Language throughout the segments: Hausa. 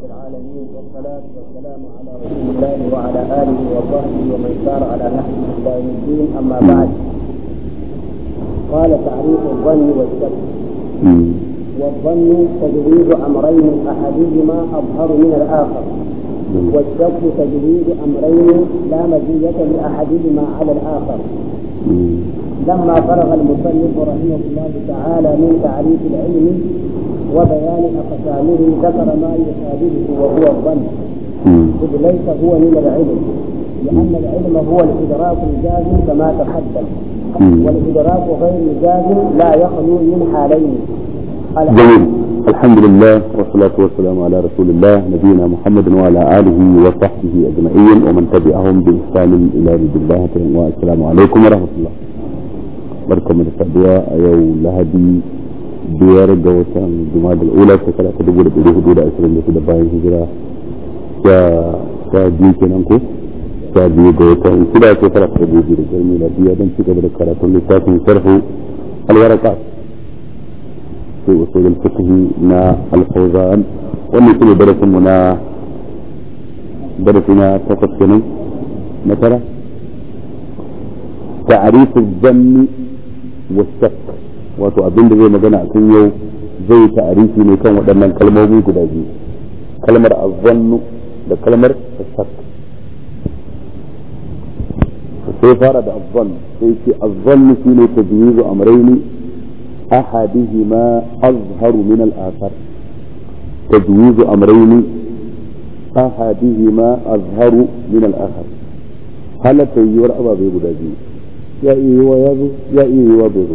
رب العالمين والصلاة والسلام على رسول الله وعلى آله وصحبه ومن سار على نحو إلى الدين أما بعد قال تعريف الظن والشك والظن تجريد أمرين أحدهما أظهر من الآخر والشك تجريد أمرين لا مزية لأحدهما على الآخر لما فرغ المصنف رحمه الله تعالى من تعريف العلم وبيان أقسامه ذكر ما يشابهه وهو الظن إذ ليس هو من العلم لأن العلم هو الإدراك الجاز كما تقدم والإدراك غير الجاز لا يخلو من حالين العلم الحمد لله والصلاة والسلام على رسول الله نبينا محمد وعلى آله وصحبه أجمعين ومن تبعهم بإحسان إلى رب الله والسلام عليكم ورحمة الله بركم من السبوة أيو لهدي بيار الجوثة الجماعة الأولى سكرة تدبور بيديه دولة أسرين لكي دبائي هجرة شا شا جيكي نمكو شا جي جوثة انسلاة سكرة تدبور بيديه دولة بيديه دولة بيديه دولة بيديه دولة بيديه دولة بيديه دولة في أصول الفقه نا الفوزان ومن كل درس منا درسنا تفصيلا مثلا تعريف الذم والشك wato abin da zai magana a kan yau zai ta'arifi ne kan waɗannan kalmomi guda biyu kalmar azzannu da kalmar shak sai fara da azzannu sai ce azzannu shine tajwizu amrayni أحدهما أظهر من الآخر تجويز أمرين أحدهما أظهر من الآخر هل تيور أبا بيبو داجي يا إيه ويازو يا إيه وبيضو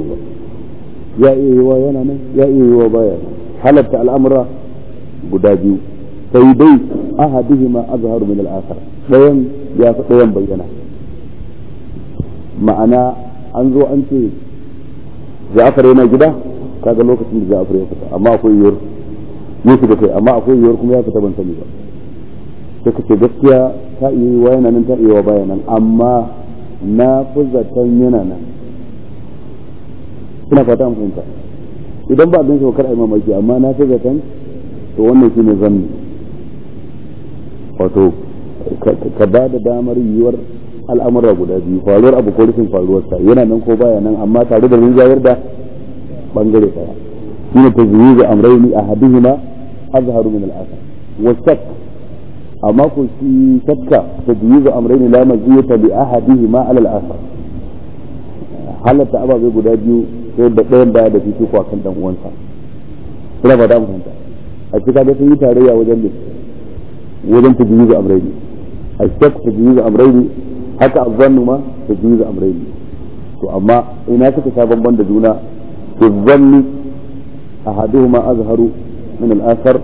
يا إيه ويانا يا إيه وبيانا حلت الأمر بداجي سيدي أحدهما أظهر من الآخر ديان يا ديان بيانا معنى أنظر أنت Ja'far yana gida kaga lokacin da Ja'far ya fita amma akwai yiwuwar Yusuf da kai amma akwai yiwuwar kuma ya fita ban sani ba sai ka ce gaskiya ta iya yi wa yana nan ta iya wa baya nan amma na fi zaton yana nan suna fata an fahimta idan ba abin shekar ai mamaki amma na fi zaton to wannan shine zanni wato ka ba da damar yiwuwar al'amura guda biyu faruwar abu ko faruwar faruwarsa yana nan ko baya nan amma tare da rinjayar da bangare daya shine tazwizu amrayni ahaduhuma azharu min al-akhar wa shakk amma ko shi shakka tazwizu amraini la maziyata li ahadihima ala al-akhar halatta ababe guda biyu sai da ɗayan baya da fito ko akan dan uwansa ina ba da mu fahimta a cikin ga sun yi tarayya wajen ne wajen amraini tazwizu amrayni الشك تجويز amraini. haka azzannu ma da juyu da amraini to amma ina suka sha bamban da juna fi zanni ahaduhuma azharu min al-akhar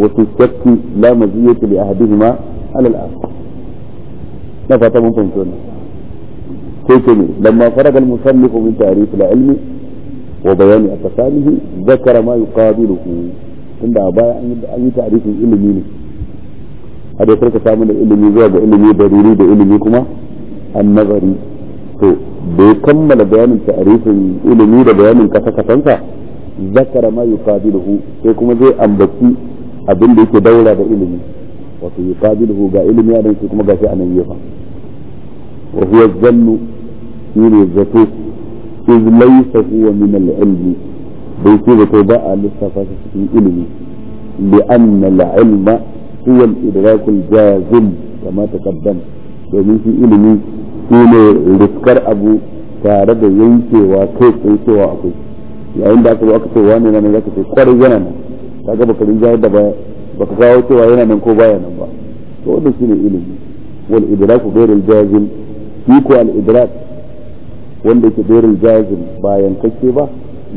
wa fi shakki la maziyata li ahaduhuma ala al-akhar na fata mun fahimci wannan ko ce ne lamma faraga al-musallifu min tarihi al-ilmi wa bayani aqsamihi zakara ma yuqabiluhu inda a baya an yi ta'rifin ilimi ne a da karka samu da ilimi zuwa ga ilimi da ruri da ilimi kuma النظري تو بيكمل بيان تعريف العلمي بيان كفكتنسا ذكر ما يقابله سيكون زي أمبكي أبن بيك دولة بإلمي وفي يقابله با إلمي أدن سيكون غاشي أن وهو الظن من الزكو إذ ليس هو من العلم بيكيزة باء لصفات في إلمي لأن العلم هو الإدراك الجازم كما تقدمت domin shi ilimi shi ne riskar abu tare da yankewa kai tsaye cewa akwai yayin da aka zo aka ce wani nan zaka ce kwarai yana nan ka ga bakarin rinja da ba baka kawo cewa yana nan ko baya nan ba to wannan ne ilimi wal idraku ghayr al jazim shi ko al idrak wanda yake ghayr al jazim bayan kake ba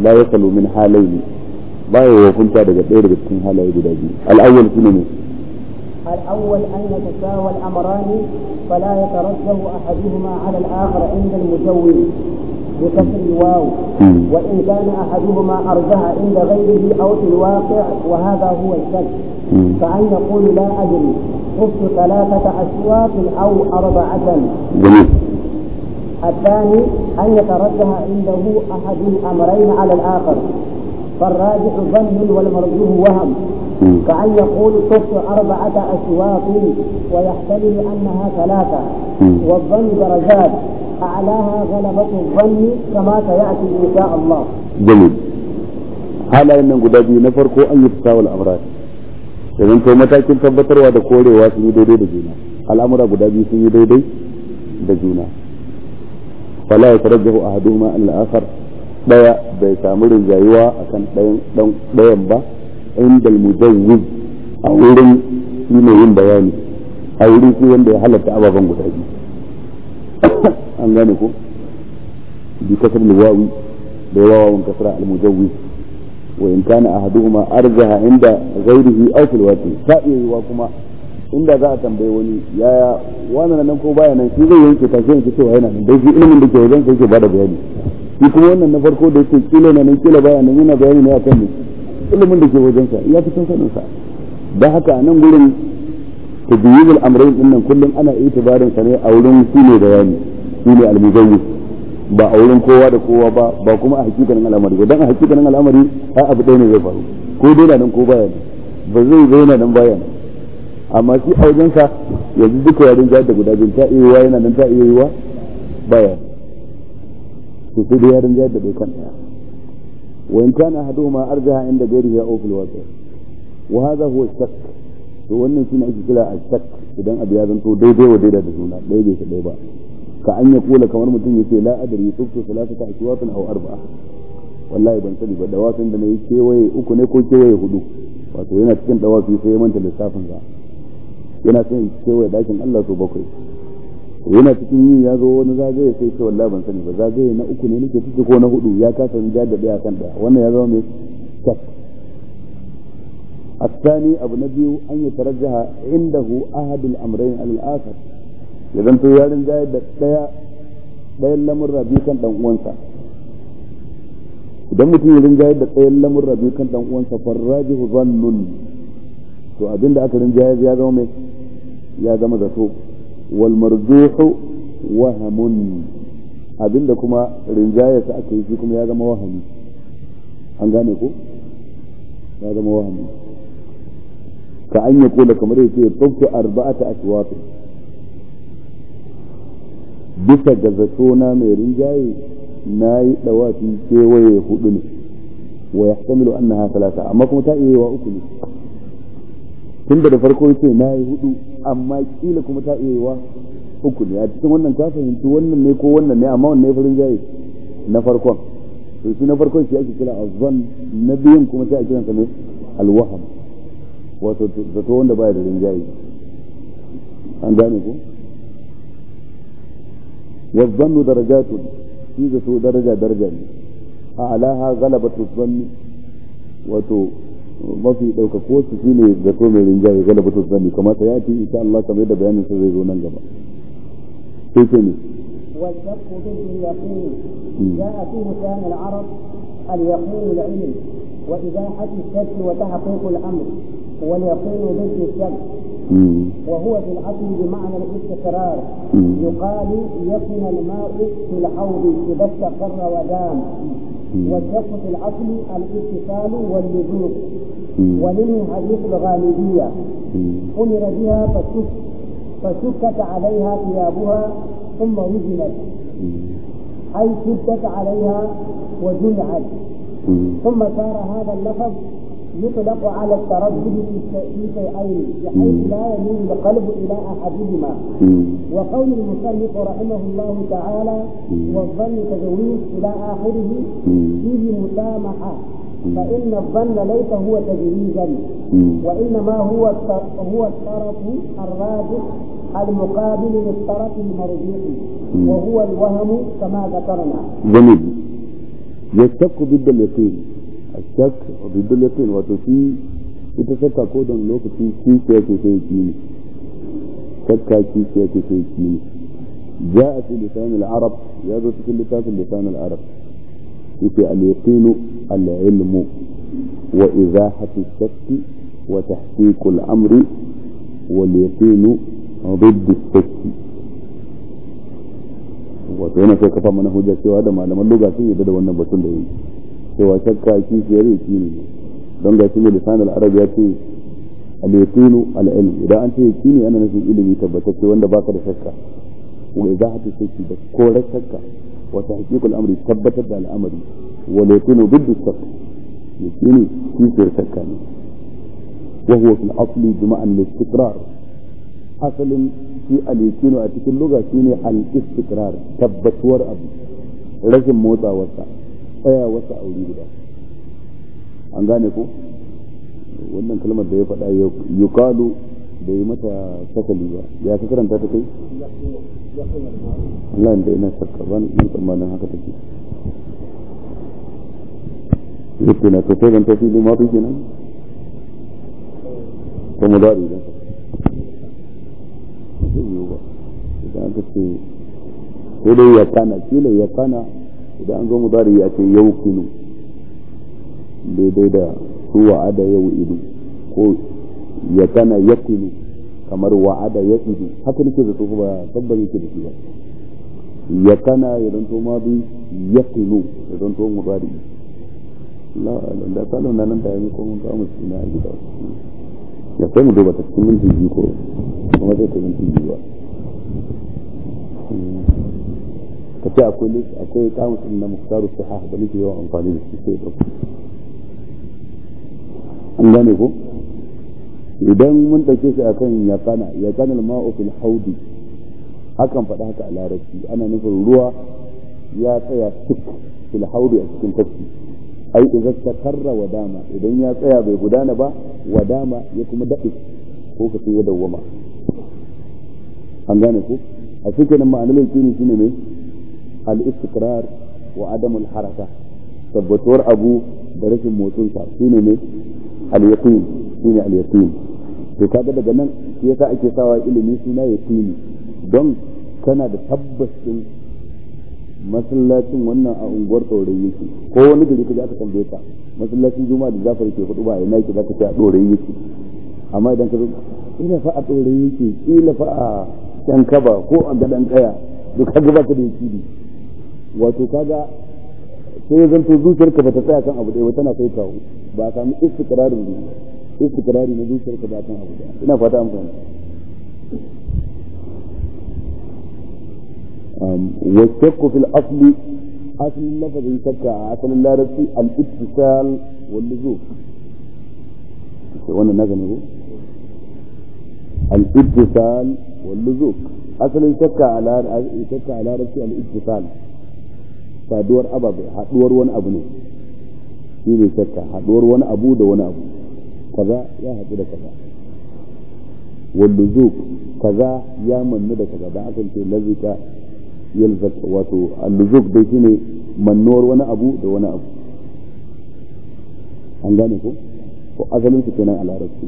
la yakalu min halaini baya wakunta daga ɗaya daga cikin halaye guda biyu al awwal shine ne الأول أن يتساوى الأمران فلا يترتب أحدهما على الآخر عند المجوز بكسر الواو وإن كان أحدهما أرجح عند غيره أو في الواقع وهذا هو الشك فأن يقول لا أدري خفت ثلاثة أشواط أو أربعة الثاني أن يترجح عنده أحد الأمرين على الآخر فالراجح ظن والمرجوح وهم كأن يقول الكف أربعة أشواط ويحتمل أنها ثلاثة والظن درجات أعلاها غلبة الظن كما سيأتي إن شاء الله جميل هل أن guda biyu na farko an yi tasawul amra idan to matakin tabbatarwa da korewa sun yi daidai da juna al'amura guda biyu sun yi daidai da juna wala ya tarajjahu ahaduhuma al-akhar daya bai samu rinjayuwa akan dayan ba inda al-mujawwiz a wurin shi yin bayani a wurin shi wanda ya halarta ababen guda biyu an gane ko bi kasar wawi da wawawan kasra al-mujawwiz wa in kana ahaduhuma arjaha inda ghairihi aw fil waqi ta iya kuma inda za a tambaye wani yaya wannan nan ko baya nan shi zai yanke ta sai cewa yana nan dai shi ilimin da ke wajen sai ke bada bayani shi kuma wannan na farko da yake kila na nan kila baya nan yana bayani ne akan ne ilimin da ke wajensa ya fi san saninsa don haka a nan gurin da amrayn ɗin nan kullum ana tabarin sa ne a wurin shi ne yani shi ne almuzayyi ba a wurin kowa da kowa ba ba kuma a hakikanin al'amari ba dan a hakikanin al'amari a abu ɗaya ne zai faru ko dai na nan ko baya ne ba zai zauna nan baya amma shi a wajensa yanzu duka yarin jihar da guda biyu ta iya yiwa yana nan ta iya yiwa baya to sai dai yarin jihar da bai kan ɗaya وإن كان أحدهما أرجح عند غيره أو في الواقع وهذا هو الشك to wannan shine ake kira a shak idan abu ya zanto daidai wa daidai da juna ɗaya bai kaɗai ba ka an kula kamar mutum ya ce la adari tsuftu salatu ta aswatun aw arba'a wallahi ban sani ba dawafin da nayi kewaye uku ne ko kewaye hudu wato yana cikin dawafi sai ya manta lissafin sa yana son kewaye dakin Allah sau bakwai yana cikin yi ya zo wani zagaye sai ce wallahi ban sani ba zagaye na uku ne nake ciki ko na hudu ya kasa ni da daya kan daya wannan ya zama mai shak yi أبو نبي أن يترجح عنده أحد الأمرين على ya إذا أنت يا da دايا دايا lamurra biyu kan دم uwansa idan mutum ya rinjayar da tsayin lamurra biyu kan dan uwansa farrajihu zannun to abinda aka rinjayar ya zama mai ya zama zato والمرجوح وهم wahamun abinda kuma rinjaya sa aka yi shi kuma ya zama wahami an gane ko ya zama wahami ka an yi kula kamar yace tabtu arba'ata aswat bisa ga zato na mai rinjaye na yi dawafi kewaye hudu ne wa yahtamilu annaha thalatha amma kuma ta iya wa uku ne tunda da farko yace na yi hudu amma kila kuma ta iya yiwa uku ne a cikin wannan ta fahimci wannan ne ko wannan ne amma wannan farin jari na farkon to shi na farkon shi ake kira azzan na biyun kuma sai a kiransa ne alwaham wato zato wanda baya da rinjaye an gane ko wazzannu darajatu shi zato daraja daraja ne a alaha galabatu zanni wato mafi ɗaukako su shi ne zato mai rinjaye galaba to zani kamata ta ci insha Allah kamar yadda bayanin sa zai zo nan gaba sai ce ne وهو في الأصل بمعنى الاستقرار يقال يقن الماء في الحوض إذا استقر ودام والشرط في الاتصال واللزوم ومنه حديث الغالبيه امر بها فشك فشكت عليها ثيابها ثم وزنت اي شدت عليها وجمعت ثم صار هذا اللفظ يطلق على التردد في شيئين بحيث لا يميل القلب الى احدهما وقول المصنف رحمه الله تعالى والظن تجويز الى اخره فيه مسامحه فإن الظن ليس هو تجريدا وإنما هو هو الطرف الراجح المقابل للطرف المرجوح وهو الوهم كما ذكرنا. جميل. يشتق ضد اليقين shak ridul yaqin wato shi ita shakka ko da lokaci shi ke yake sai shi ne shakka shi ke yake sai shi ne جاء في لسان العرب يا ذو كل لسان لسان العرب في اليقين العلم وإزاحة الشك وتحقيق الأمر واليقين ضد الشك wato yana sai kafa mana hujja cewa da malaman lugha sun yi da wannan batun da yi cewa shakka kishiyar yaqini don ga shi ne lisanul arab ya ce al-yaqinu al-ilm idan an ce yaqini ana nufin ilimi tabbatacce wanda baka da shakka wa izahatu shakki da korar shakka wa tahqiqul amri tabbatar da al'amari wa yaqinu bidda shakka yaqini kishiyar shakka ne wa huwa fil asli jama'an al-istiqrar asalin shi al-yaqinu a cikin lugha shine al-istiqrar tabbatuwar abu rashin motsawarsa tsaya wata aure guda an gane ko wannan kalmar da ya faɗa kalu da yi mata sakali ba ya ka karanta ta kai Allah da ina sakka ban ni tsammanin haka take yake na to sai ban tafi da mafi nan. ko mu dari da ba idan aka ce ko dai ya kana kila ya kana idan an zo mu mudari ya ce yau kinu daidai da su wa'ada yau idu ko ya kana ya kinu kamar wa'ada ya idu haka nake da tsofa ba tabbar yake da shi ba ya kana ya zanto ma bi ya kinu ya zanto mudari da kalon nan da yanzu kuma za mu suna a gida Ya sai mu duba ta cikin minti biyu ko kuma zai ta minti biyu ba ka ce akwai ne akwai kamus din na muktaru sahah da nake yawan amfani da shi sai dauko an gane ko idan mun dauke shi akan yaqana yaqana al-ma'u fil haudi hakan faɗa haka a larabci ana nufin ruwa ya tsaya cik fil haudi a cikin tafki ai idza takarra karra wadama idan ya tsaya bai gudana ba wadama ya kuma daɗi ko ka da wama. an gane ko a cikin ma'anar yake ne shine mai al-istiqrar wa adamul haraka tabbatuwar abu da rashin motsinsa shine ne al-yaqin shine al-yaqin to kaga daga nan shi yasa ake sawa ilimi suna yaqini don kana da tabbas din masallacin wannan a unguwar tsoron yake ko wani gari ka aka tambaye ka masallacin juma'a da zafar ke hudu ba yana yake zaka ce a tsoron yake amma idan ka zo ina fa a tsoron yake kila fa a can kaba ko a gadan kaya duk ka gaba ka da yake wato kaga sai ya zanto zuciyarka ba ta tsaya kan abu ɗaya ba tana kai kawo ba a samu istikrarin zuciya istikrari na zuciyarka ba kan abu ɗaya ina fata an fahimta والشك في الأصل أصل اللفظ شك أصل اللارسي الاتصال واللزوم وانا نغم الاتصال واللزوم أصل شك على شك على رأسي الاتصال saduwar ababe haduwar wani abu ne shi ne shakka haduwar wani abu da wani abu kaza ya haɗu da kaza wanda walluzuk kaza ya mannu da kaza don akan ce lazika yalzak wato alluzuk dai shine mannuwar wani abu da wani abu an gane ko ko azalin su kenan a larabci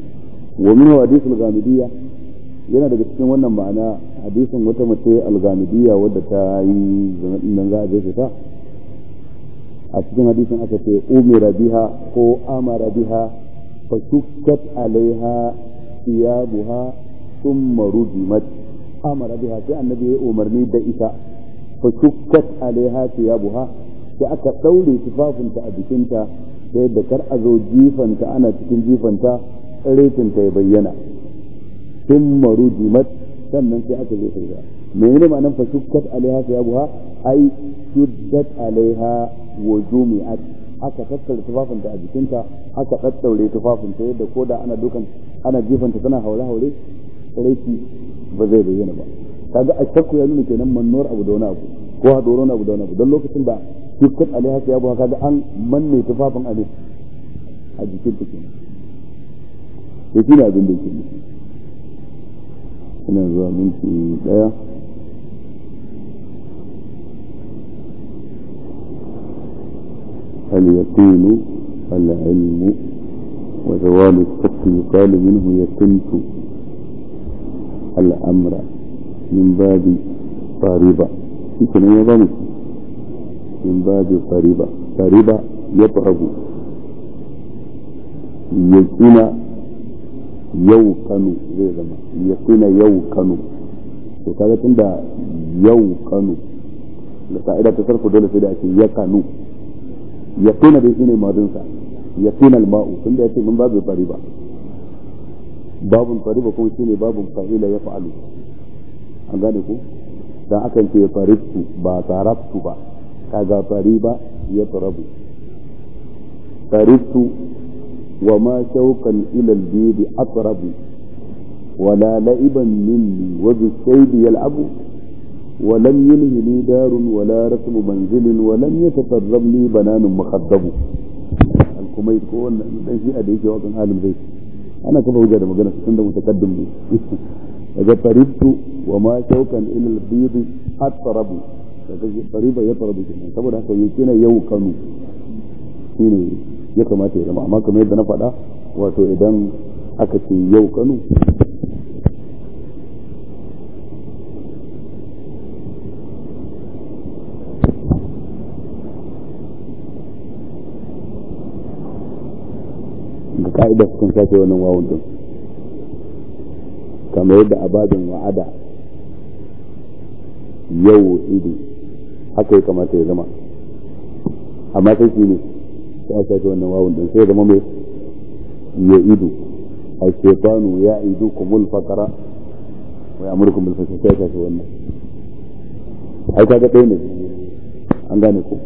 wa min hadithul ghamidiyya yana daga cikin wannan ma'ana hadisin wata mace al-ghamidiyya wadda ta yi zamanin nan za a je ta a cikin hadisin aka ce umira biha ko amara biha fa shukkat alaiha thiyabuha thumma rujimat amara biha sai annabi ya umarni da ita fa shukkat alaiha buha sai aka daure tufafinta a jikinta sai da kar a zo jifanta ana cikin jifanta retinta ya bayyana thumma rujimat sannan sai aka je sai menene ma'anar fa shukkat alaiha thiyabuha ai shuddat alaiha wa jumi'at aka tattara tufafinta a jikinta aka tattaure tufafinta yadda ko da ana dukan ana jifanta tana haure haure raiki ba zai bayyana ba kaga a shakku ya nuna kenan manuwar abu da wani abu ko haɗuwar doron abu da wani abu don lokacin da shukkat alaiha thiyabuha kaga an manne tufafin a a jikinta kenan to ne abin da yake ina zuwa minti daya اليقين العلم وزوال الشك يقال منه يتمت الأمر من باب قريبة يمكن أن من باب قريبة قريبة يطرب يقين يوقن زي زما يقين يوقن وكذا kaga يوقن yau تصرف دولة في ta sarfa yakuna da shine madin sa yakuna al-ma'u tunda yace mun babu fariba babun fariba kuma shine babun fa'ila ya fa'alu an gane ku dan akan ce faribtu ba tarabtu ba kaga fariba ya tarabu faribtu وما شوقا إلى البيد أطرب ولا لئبا مني وبالشيب يلعب ولم يلهني دار ولا رسم منزل ولم يتطرب لي بنان مخضب الكميت كون دان شيء da yake wakan alim zai ana kafa hujja da magana tunda mutakaddim ne daga taribtu wa ma shaukan ila al-bid at-tarab daga tariba ya tarabu kenan saboda haka yake na yau kanu ya kamata ya zama amma kamar yadda na fada wato idan aka yau kanu su kan sake wannan wawun din kamar yadda ababin wa'ada yau idu haka ya kamata ya zama amma sai shi ne su a sake wannan wawun din sai zama mai ya idu a shefanu ya idu kumul fakara wai amurkum bil fasha sai ya shafe wannan ai kaga ɗaya ne an gane ku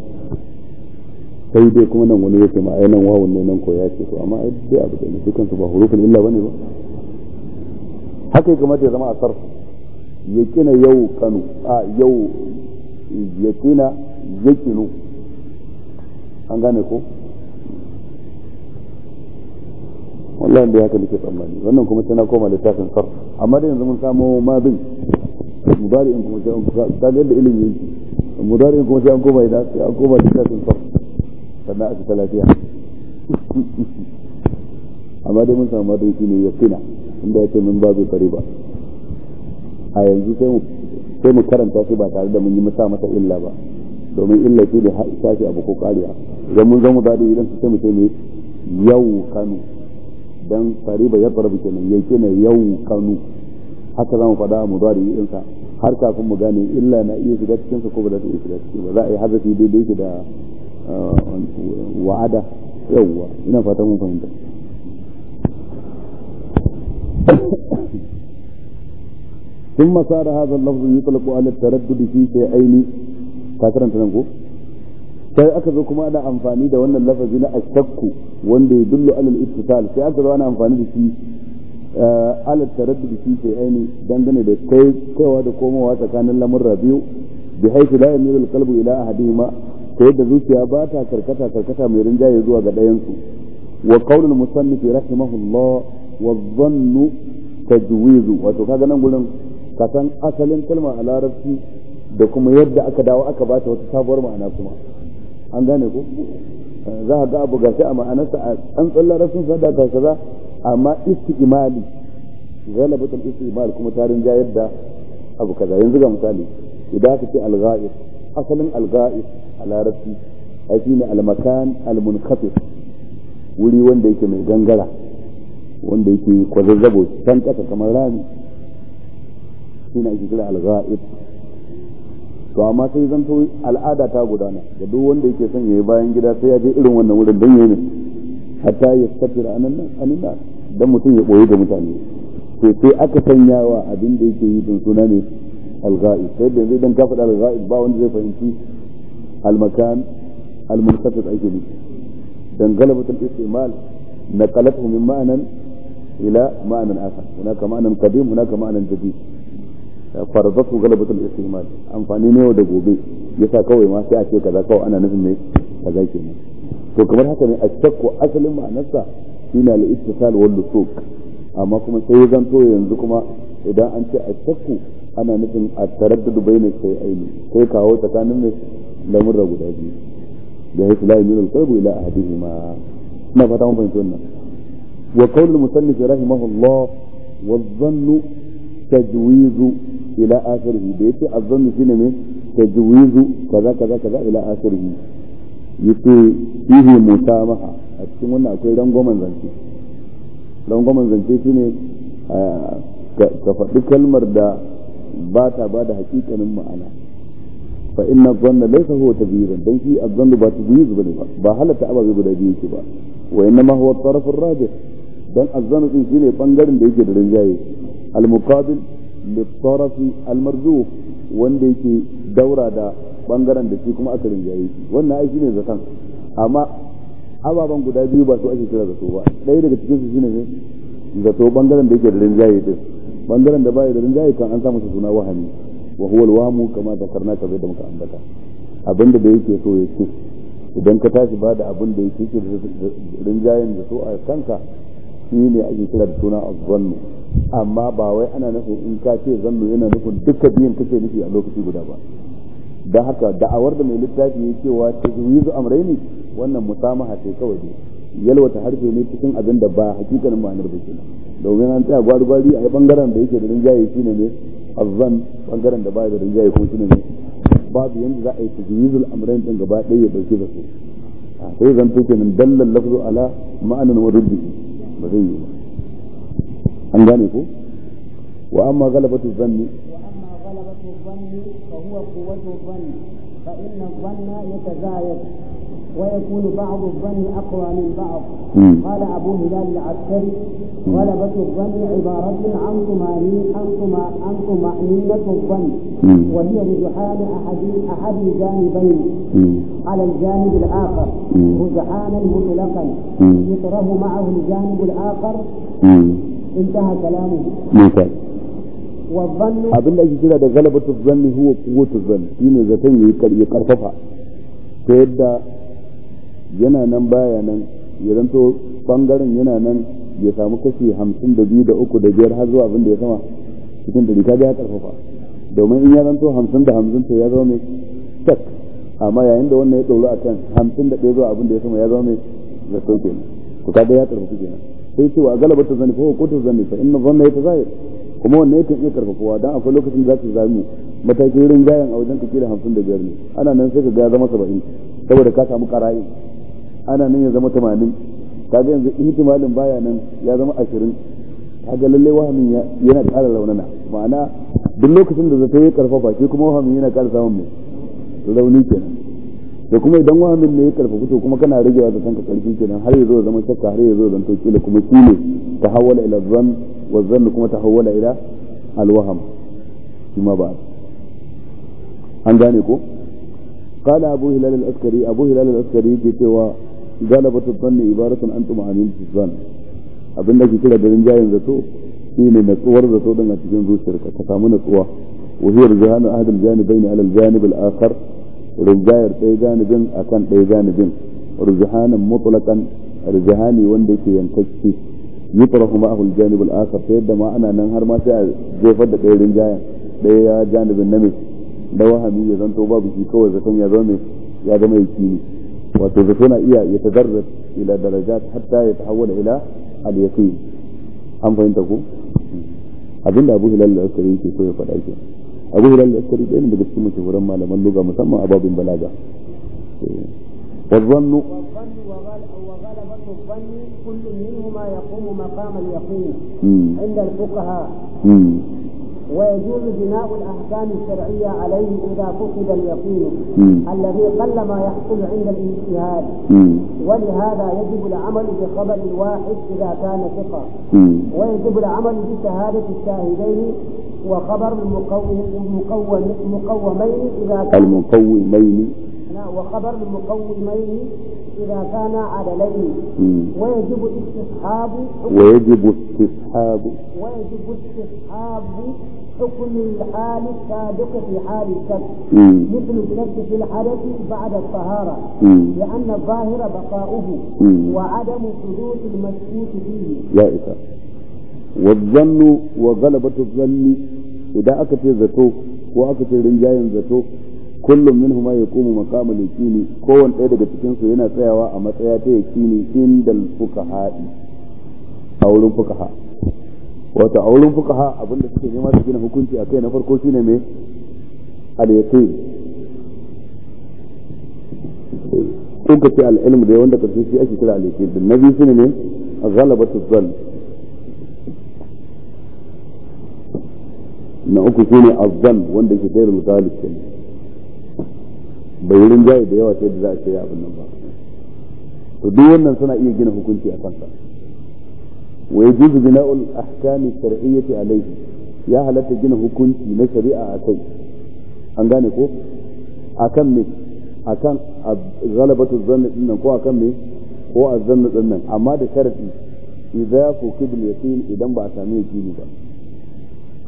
sai dai kuma nan wani yake ma ainihin wa wawun nan ko ya ce to amma ai dai abu da su ba hurufin illa bane ba haka ya kuma ya zama a sarf ya kina yau kanu a yau ya kina ya kinu an gane ko wallahi da haka nake tsammani wannan kuma tana koma da tafin sarf amma da yanzu mun samu mabin mudari'in kuma sai an kaga yadda ilimi yake mudari'in kuma sai an koma da sai an koma sannan a fita lafiya amma dai mun samu madariki ne ya fina inda ya ce min ba zai fari ba a yanzu sai mu karanta shi ba tare da mun yi masa masa illa ba domin illa shi da sashi abu ko kariya idan mun zama daɗi idan su sai mu ce ne yau kanu dan ba ya fara bikin nan yake ne yau kanu haka zamu faɗa mu da yin sa har kafin mu gane illa na iya shiga cikin ko ba za su iya shiga ciki ba za a yi hadafi daidai da wa'ada yawwa ina fatan mun fahimta ثم صار هذا اللفظ يطلق على التردد في شيئين nan نقول sai aka zo kuma ana amfani da wannan lafazi na ashakku wanda ya dullu alal ittisal sai aka zo ana amfani da shi eh, alal taraddudi shi sai aini dangane da kai kaiwa da komowa tsakanin lamurra biyu bi haythu la yamilu al qalbu ila ahadihima ta yadda zuciya ba ta karkata karkata mai rinjaye zuwa ga ɗayansu wa qaulul musannifi rahimahullah wa dhannu tajwizu wato kaga nan gurin ka san asalin kalma a larabci da kuma yadda aka dawo aka bata wata sabuwar ma'ana kuma an gane ko za ga abu gashi a ma'anarsa a tsantsan larabcin sa da kaza amma istimali galabatul istimal kuma tarin ja yadda abu kaza yanzu ga misali idan aka ce al asalin al a larabci a shi ne almakan almunkafi wuri wanda yake mai gangara wanda yake kwazazzabo can kasa kamar rami shi ne ake kira alga'ib to amma sai to al'ada ta gudana da duk wanda yake son yayi bayan gida sai ya je irin wannan wurin don yayi ne hatta ya tafira anan anan dan mutum ya boye da mutane to sai aka sanya wa abin da yake yi din suna ne alga'i sai da zai dan ka faɗa ba wanda zai fahimci المكان المنخفض اجلي انقلبت الاستعمال نقلته من معنى الى معنى اخر هناك معنى قديم هناك معنى جديد فرضته غلبة الاستعمال ام فانينيو دقوبي يسا قوي ما في اشي كذا قوي انا نسمي كذا يكي تو كمان حتى اشتكو اصل ما نسا هنا الاتصال واللسوك اما كما سيزان تو ينزكما اذا انت اشتكو انا نسمي التردد بين الشيئين كيف هو تكانمي lamurra guda biyu da haifu la yamilu alqalbu ila ahadihima ina fata mun fahimci wannan wa qawlu musannif rahimahullah wa dhannu tajwizu ila akhirih da yace azzannu shine me tajwizu kaza kaza kaza ila akhirih yace fihi musamaha a cikin wannan akwai rangwamen zance rangwamen zance shine ka faɗi kalmar da ba ta ba da hakikanin ma'ana fa inna dhanna laysa huwa tabyirun dan shi azzannu ba tabyir bane ba ba halatta ababe guda biyu yake ba wa inna ma huwa taraf ar-rajih dan azzannu din shine bangaren da yake da rinjaye al-muqabil للطرف المرجوف wanda yake daura da bangaren da shi kuma aka rinjaye shi wannan ai shine zakan amma ababen guda biyu ba su ake kira zato ba ɗaya daga cikin su shine ne zato bangaren da yake da rinjaye din bangaren da ba baya da rinjaye kan an samu su suna wahani wa huwa alwamu kama zakarna ka da muka ambata abinda da yake so ya ci idan ka tashi ba da abin da yake rinjayen da so a kanka shi ne ake kira da suna azzannu amma ba wai ana nufin in ka ce zannu yana nufin duka biyan kake nufi a lokaci guda ba da haka da'awar da mai littafi ya cewa ta zuwizu amraini wannan musamaha ce kawai ne yalwata harfe ne cikin abin da ba hakikanin ma'anar ba kenan domin an tsaya gwari-gwari a bangaren da yake da rinjaye shine ne azzan bangaren da ba da rinjaye kuma shine ne babu yanda za a yi tajwizul amrayn din gaba ɗaya ya dauke da su sai zan tuke nan dallal lafzu ala ma'anan wa rubbi ba zai yi ba an gane ko wa amma ghalabatu zanni فهو قوة الظن فإن الظن يتزايد ويكون بعض الظن أقوى من بعض قال أبو هلال العسكري غلبة الظن عبارة عن طمأنينة عن طمأنينة الظن وهي رجحان أحد أحد الجانبين على الجانب الآخر رجحانا مطلقا يطرب معه الجانب الآخر انتهى كلامه ممتاز والظن ابن da ake غلبة الظن هو قوة الظن quwwatu zanni shine zaton yana nan baya nan ya zanto bangaren yana nan ya samu kashi hamsin da biyu da uku da biyar har zuwa abin da ya sama cikin da kaga ya karfafa domin in ya zanto hamsin da hamsin to ya zama mai tak amma yayin da wannan ya tsoro a kan hamsin da ɗaya zuwa abin da ya sama ya zama mai zato kenan ku kaga ya karfafa kenan sai wa galaba ta zani ko ko ta zani fa inna zanna ya tazahir kuma wannan yakan iya karfafuwa dan akwai lokacin za ta zami matakin rinjayen a wajen kake da hamsin da biyar ne ana nan sai ka ga zama saba'in saboda ka samu ƙara'in ana nan ya zama tamanin kaga yanzu ihtimalin baya nan ya zama ashirin kaga lallai wahamin yana ƙara raunana ma'ana duk lokacin da zata yi karfafa shi kuma wahamin yana ƙara samun mai rauni kenan da kuma idan wahamin ne ya karfafa to kuma kana ragewa da kanka karfi kenan har ya zama shakka har ya zo zan to kila kuma shi ne tahawwala ila zann wa zann kuma tahawwala ila alwaham shi ma ba an gane ko قال أبو هلال الأسكري أبو هلال الأسكري كتوى galabatu dhanni ibaratun antum anin tuzan abin da ke kira da rinjayen zato shine natsuwar zato din a cikin zuciyarka ka samu natsuwa wa huwa rijhanu ahadul janibaini ala al-janib rinjayar ɗaya janibin akan ɗaya janibin rijhanan mutlaqan rijhani wanda yake yankacce yutrahu ma'ahu al-janib al-akhar sai da ma ana nan har ma sai a jefar da ɗaya rinjayen ɗaya janibin na mai da wahami ya zanto babu shi kawai zaton ya zama ya zama yaki ne وتذكرون إياه يتدرب إلى درجات حتى يتحول إلى اليقين أم فهمتكم؟ أبن أبو هلال العسكري في كويفة الأيتين أبو هلال العسكري بين بقسمه شهورا ما لما اللغة مسمى أبا بن بلاغة والظن والظن وغال وغال ظن الظن كل منهما يقوم مقام اليقين عند الفقهاء ويجوز بناء الاحكام الشرعيه عليه اذا فقد اليقين الذي قل ما يحصل عند الاجتهاد ولهذا يجب العمل بخبر واحد اذا كان ثقه ويجب العمل بشهاده الشاهدين وخبر المقوم المقومين اذا كان المقومين نعم، وخبر المقومين إذا كان عدلين ويجب استصحاب ويجب استصحاب ويجب استصحاب حكم الحال السابق في حال الشك مثل الشك في الحدث بعد الطهارة لأن الظاهر بقاؤه وعدم حدوث المشكوك فيه جائزة والظن وغلبة الظن إذا أكت ذاته وأكت رنجايا ذاته كل منهما يقوم مقام اليقين كون yaqini kowanne ɗaya daga cikin su yana tsayawa a matsaya ta indal fuqaha a wurin wato a wurin ha abinda suke nema su gina hukunci a kai na farko shi ne mai yaqin ko ka ce al da wanda karfi shi ake kira al din na biyu shi ne su zan na uku ne a zan wanda ke gairul ghalib kenan bai wurin jayi da yawa sai da za a ce abin nan ba to duk wannan suna iya gina hukunci a kansa ويجوز بناء الأحكام الشرعية عليه يا هل تجن hukunci na shari'a akai an gane ko akan me akan ghalabatu zanni dinnan ko akan me ko azanni dinnan amma da sharadi idza fuqid al-yaqin idan ba a sami yaqini ba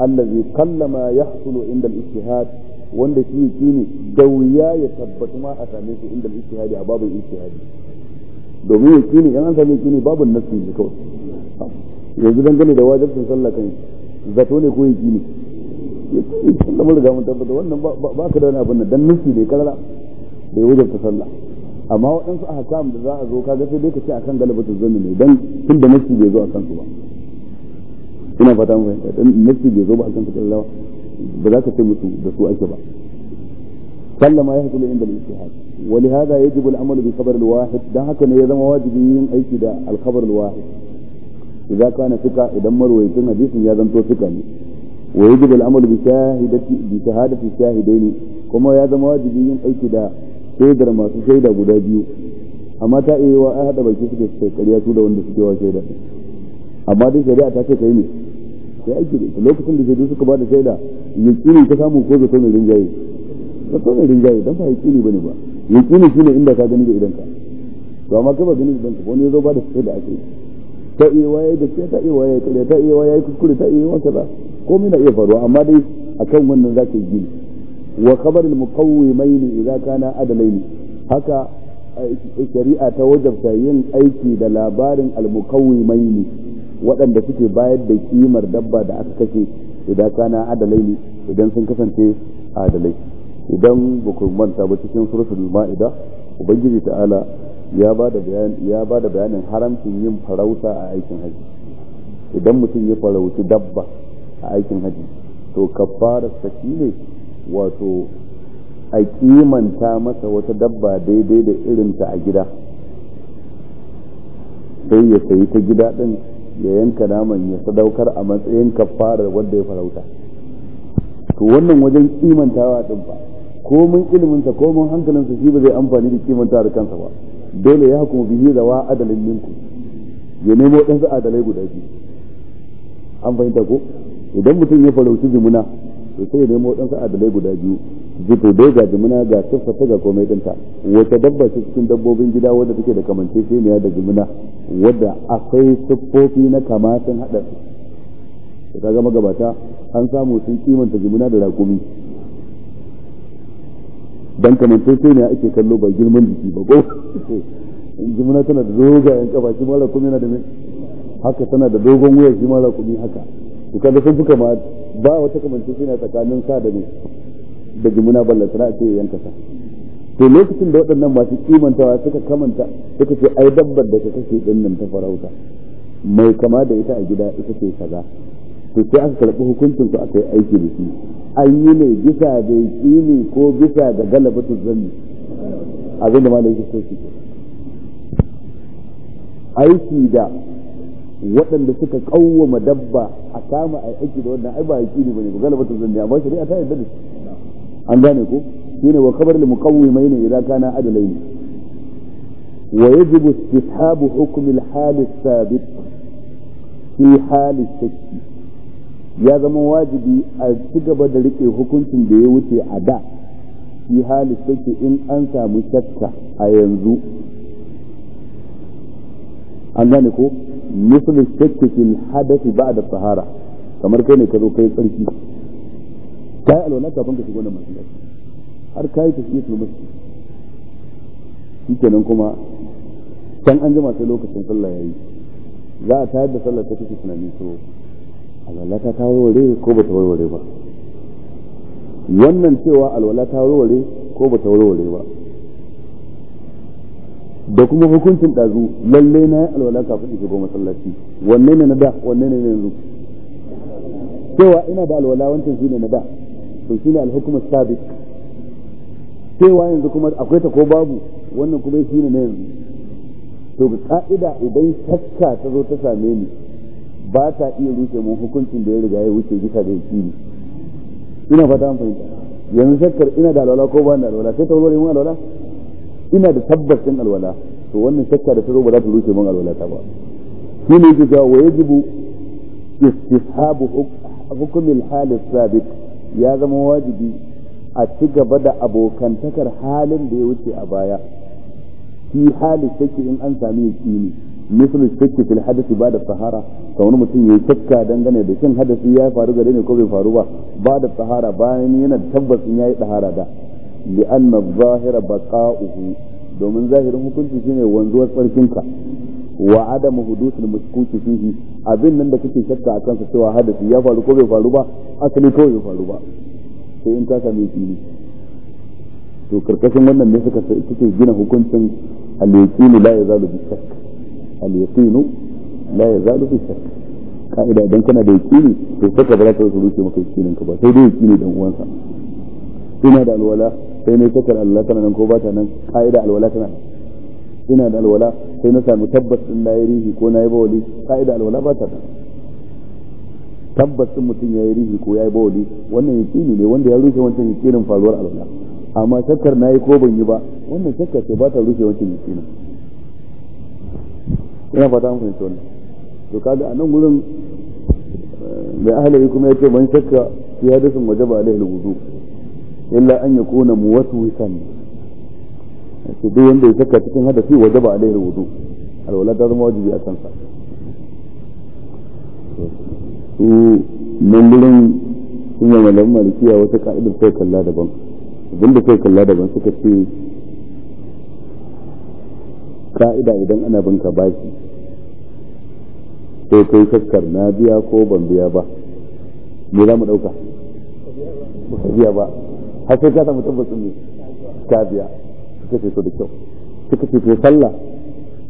allazi qallama yahsulu inda al-ijtihad wanda shi yaqini da wuya ya tabbatu ma a same shi inda al-ijtihadi a babin ijtihadi domin yaqini in an sami yaqini babun nafsi ne kawai yanzu dangane da wajibcin sallah kan zato ne ko yaki ne yaki ne sallah mun riga mun tabbata wannan ba ka da wani abin nan dan nufi ne karara da ya wajibta sallah amma waɗansu a hakam da za a zo kaga sai dai ka ce akan galibatul zanni ne dan tun da nufi bai zo a kansu ba ina fata mun fahimta dan nufi bai zo ba a kansu kallawa ba za ka ce musu da su ake ba sallah ma ya hakulu inda al-ijtihad ولهذا يجب العمل بخبر الواحد ده هكذا يزم واجبين أيكي ده الخبر idza na fika idan marwayin hadisin ya zanto fika ne wa yajibu al-amalu bi shahidati bi shahadati shahidaini kuma ya zama wajibi yin aiki da shaidar masu shaida guda biyu amma ta iya wa ai hada baki suke su kariya su da wanda suke wa shaida amma dai shari'a ta ce kai ne sai aiki da lokacin da shaidu suka ba da shaida yakini ka samu ko zato mai rinjaye zato mai rinjaye dan ba yakini bane ba yakini shine inda ka gani da idanka to amma kai ba gani da idanka wani ya zo ba da shaida ake ta iya waye da ce ta iya waye kare ta iya waye kuskure ta iya wanka ba komai na iya faruwa amma dai akan wannan zaka yi gini wa khabarul muqawwimaini idza kana adalaini haka eh, shari'a ta wajabta yin aiki da labarin mai muqawwimaini waɗanda suke bayar da kimar dabba da aka kashe idan kana adalaini idan sun kasance adalai idan ba ku manta ba cikin suratul ma'ida ubangiji ta'ala ya ba da ya ba da bayanin haramcin yin farauta a aikin haji idan mutum ya farauci dabba a aikin haji to kafara saki ne wato a kimanta masa wata dabba daidai da irinta a gida sai ya sayi ta gida din ya yanka naman ya sadaukar a matsayin kafarar wanda ya farauta to wannan wajen kimantawa din fa ko mun ilimin sa ko mun hankalin shi ba zai amfani da kimantawa da kansa ba dole ya hukumu bihi wa adalin minku ya nemo ɗansu adalai guda biyu an fahimta ko idan mutum ya farauci jimuna to sai ya nemo ɗansu adalai guda biyu jito dai ga jimuna ga tafsa ta ga komai ɗinta wata dabba ce cikin dabbobin gida wadda take da kamanceceniya da jimuna wadda akwai siffofi na kama sun haɗa su gama gabata an samu sun kimanta jimuna da rakumi dan kamance sai ne ake kallo ba girman jiki ba ko jimina tana da dogayen kafa shi mara kuma yana da mai haka tana da dogon wuya shi mara kuma haka to kaga sun fuka ma ba wata kamance sai ne tsakanin sa da ne da jimina balla a ce yanka sa to lokacin da waɗannan masu kimantawa suka kamanta suka ce ai dabbar da ka kashe din nan ta farauta mai kama da ita a gida ita ce kaza to sai aka karɓi hukuncin su aka yi aiki da shi an yi ne bisa da yaƙini ko bisa da galabatu zanni abinda ma da yake so shi aiki da waɗanda suka kawwama dabba a kama a aiki da wannan ai ba yaƙini bane ba galabatu zanni amma shari'a ta yarda da shi an gane ko ne wa kabar li muqawwimaina idza kana adalaini wa ya istihabu hukm ta hal al halin fi hal al shakki ya zama wajibi a ci gaba da rike hukuncin da ya wuce a da shi hali take in an samu shakka a yanzu an gane ko misali shakka fil ba da sahara kamar kai ne ka zo kai tsarki kai alwala kafin ka shigo masu masallaci har kai tafiyatul shi kenan kuma can an jima sai lokacin sallah yi za a tayar da sallah ta fi tunanin so alwala ta ta warware ko ba ta warware ba wannan cewa alwala ta warware ko ba ta warware ba da kuma hukuncin ɗazu lalle na yi alwala kafin in shigo masallaci wanne ne na da wanne ne yanzu cewa ina da alwala wancan shine na da to shine alhukuma sabiq cewa yanzu kuma akwai ta ko babu wannan kuma shine na yanzu to ga ka'ida idan shakka ta zo ta same ni ba ta iya rufe mun hukuncin da ya riga ya wuce bisa da ne ina fata an fahimta yanzu shakkar ina da alwala ko ba da alwala sai ta warware mun alwala ina da tabbacin alwala to wannan shakka da ta zo ba za ta rushe mun alwala ta ba shi ne yake cewa wa yajibu istihabu hukumil al sabit ya zama wajibi a ci gaba da abokantakar halin da ya wuce a baya fi hali take in an sami ne misali shakki fil hadasi ba da sahara ka wani mutum yayi shakka dangane da shin hadasi ya faru gare ne ko bai faru ba ba da sahara bayan yana in yayi sahara da li anna zahira baqa'uhu domin zahirin hukunci shine wanzuwar tsarkinka wa adamu hudusul mashkuki fihi abin nan da kake shakka a kansa cewa hadasi ya faru ko bai faru ba asali ko bai faru ba sai in ka same shi to karkashin wannan ne suka sai suke gina hukuncin al yaqin la yazalu bi shakka al-yaqinu la yazalu fi shakk ka'ida idan kana da yaqini to saka ba za ka rushe maka yaqinin ka ba sai dai yaqini dan uwansa ina da alwala sai ne sakar Allah tana nan ko ba ta nan ka'ida alwala tana ina da alwala sai na samu tabbas din nayi rihi ko nayi bawli ka'ida alwala ba ta nan tabbas din mutum yayi rihi ko yayi bawli wannan ni ne wanda ya rushe wancan yaqinin faruwar alwala amma shakkar nayi ko ban yi ba wannan shakkar ce ba ta rushe wancan yaqinin ina fata mu fahimta wannan to kaga a nan gurin da eh, ahalari kuma ya ce ban shakka fi hadisin waje ba alaihi wudu illa an yakuna muwaswisan sai duk wanda ya shakka cikin hadisi waje ba alaihi wudu alwala ta zama wajibi a kansa su nan gurin sun yi malamin malikiya wata ka'idar sai kalla daban abinda sai kalla daban suka ce ka'ida idan ana bin ka bashi sai kai shakkar na biya ko ban biya ba me za mu ɗauka ba biya ba har sai ka samu tabbacin ne ka biya suka ce to da kyau suka ce to sallah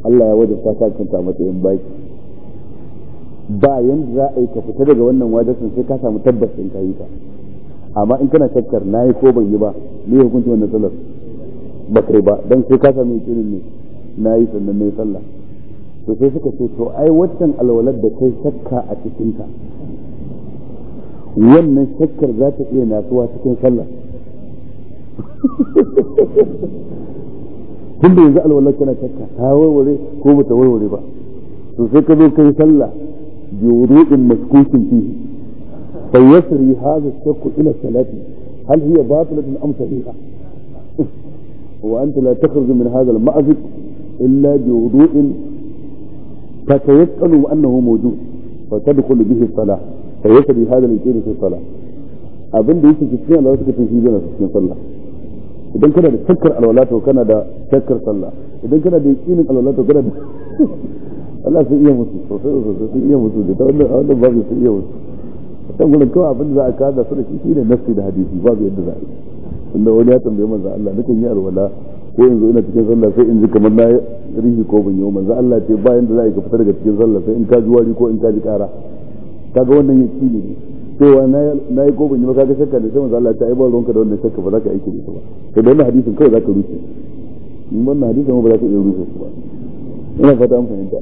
Allah ya wajabta ka kanta mata in baki ba yanda za a yi ka fita daga wannan wajen sai ka samu tabbacin ka yi ta amma in kana shakkar na yi ko ban yi ba me hukunci wannan sallar ba kai ba dan sai ka samu yakinin ne na yi sannan na yi sallah to sai suka ce to ai waccan alwalar da kai shakka a cikinta wannan shakkar za ta iya nasuwa cikin sallah tun da yanzu alwalar kana shakka ta warware ko ba ta warware ba to sai ka zo kai sallah bi wudu'in maskukin fihi fa yasri hadha shakku ila salati hal hiya batilatun am sahiha wa anta la takhruju min hadha al-ma'zik illa bi wudu'in فتيقنوا أنه موجود فتدخل به الصلاة فيسد هذا الانسان في الصلاة ابن ده يسد كثيرا لا يسد في جنة في الصلاة إذا كان ده سكر على الولاة وكان ده سكر صلاة إذا كان ده يسين على الولاة وكان ده الله سيئة مسجد سيئة مسجد تقول له أولا بابي سيئة مسجد تقول له كما ابن زعك هذا سنة شيء نفسي ده حديثي بابي أنه ذاك إنه وليات اليوم الله لكن يا ولا ko yanzu ina cikin sallah sai in ji kamar na rihi ko ban yi manzo Allah ce bayan da za a yi ka fita daga cikin sallah sai in ka ji wari ko in ka ji kara kaga wannan ci ne cewa na yi ko ban yi ba kaga shakka da sai manzo Allah ta yi ba ruwanka da wannan shakka ba za ka aiki da ita ba to da wannan hadisin kawai za ka rushe in wannan hadisin ba za ka iya rushe ba ina fata an fahimta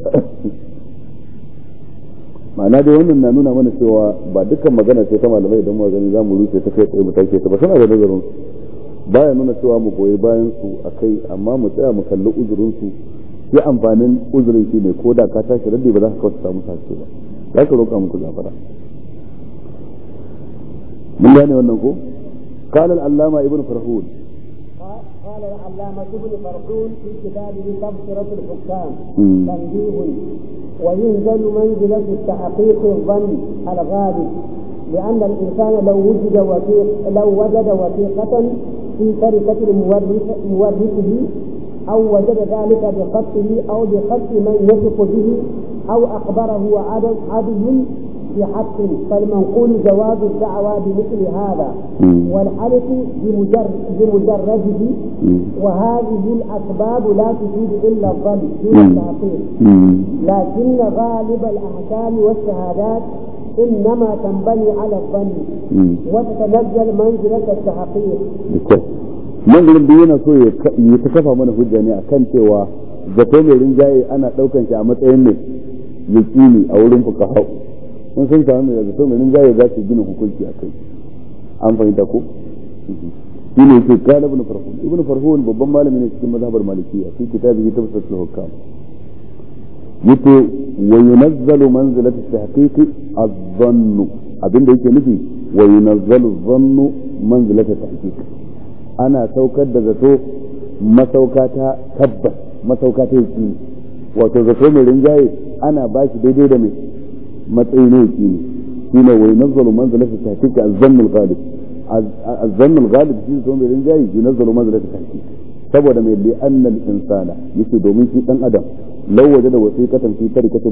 ma'ana dai wannan na nuna mana cewa ba dukkan magana sai ta malamai idan mu gani za mu rushe ta kai tsaye mu take ta ba suna da nazarin baya nuna cewa mu goyi bayan su akai amma mu tsaya mu kalli uzurin su shi amfanin uzurin shi ne ko da ka tashi rabbi ba za ka kawo samu sace ba za ka roƙa muku gafara mun gane wannan ko al-allama ibnu ابن qala al-allama ibnu فرحون fi kitabih تبصرة al-hukam وينزل منزلة التحقيق الظن الغالب لأن الإنسان لو وجد وثيق لو وجد وثيقة في طريقة مورثه أو وجد ذلك بخطه أو بخط من يثق به أو أخبره عدد عدل بحق فالمنقول جواز الدعوى بمثل هذا والحلف بمجرد بمجرده وهذه الأسباب لا تفيد إلا الظن دون التعطيل لكن غالب الأحكام والشهادات إنما تنبني على الظن وتتنزل منزلة التحقيق nan da yana so ya ta kafa mana hujja ne akan cewa zato mai rinjaye ana daukan shi a matsayin ne yakini a wurin fuqaha sun san ta mai zato mai za su gina hukunci a kai an fahimta ko shi ne ke kana ibn babban malami ne cikin mazhabar malikiya fi kitabihi tafsirul hukam yace wa yunazzalu manzilatu tahqiqi adh-dhann abinda yake nufi wa yunazzalu adh-dhann manzilatu tahqiq ana saukar da zato masauka ta tabbas masauka ta yake wato zato mai rinjaye ana ba shi daidai da mai matsayi ne yake ne shine wa yunazzalu manzilatu tahqiq adh-dhann al-ghalib adh-dhann al-ghalib shi zato mai rinjaye yunazzalu manzilatu tahqiq saboda mai li'anna al-insana yace domin shi dan adam law wajada wasiqatan fi tarikati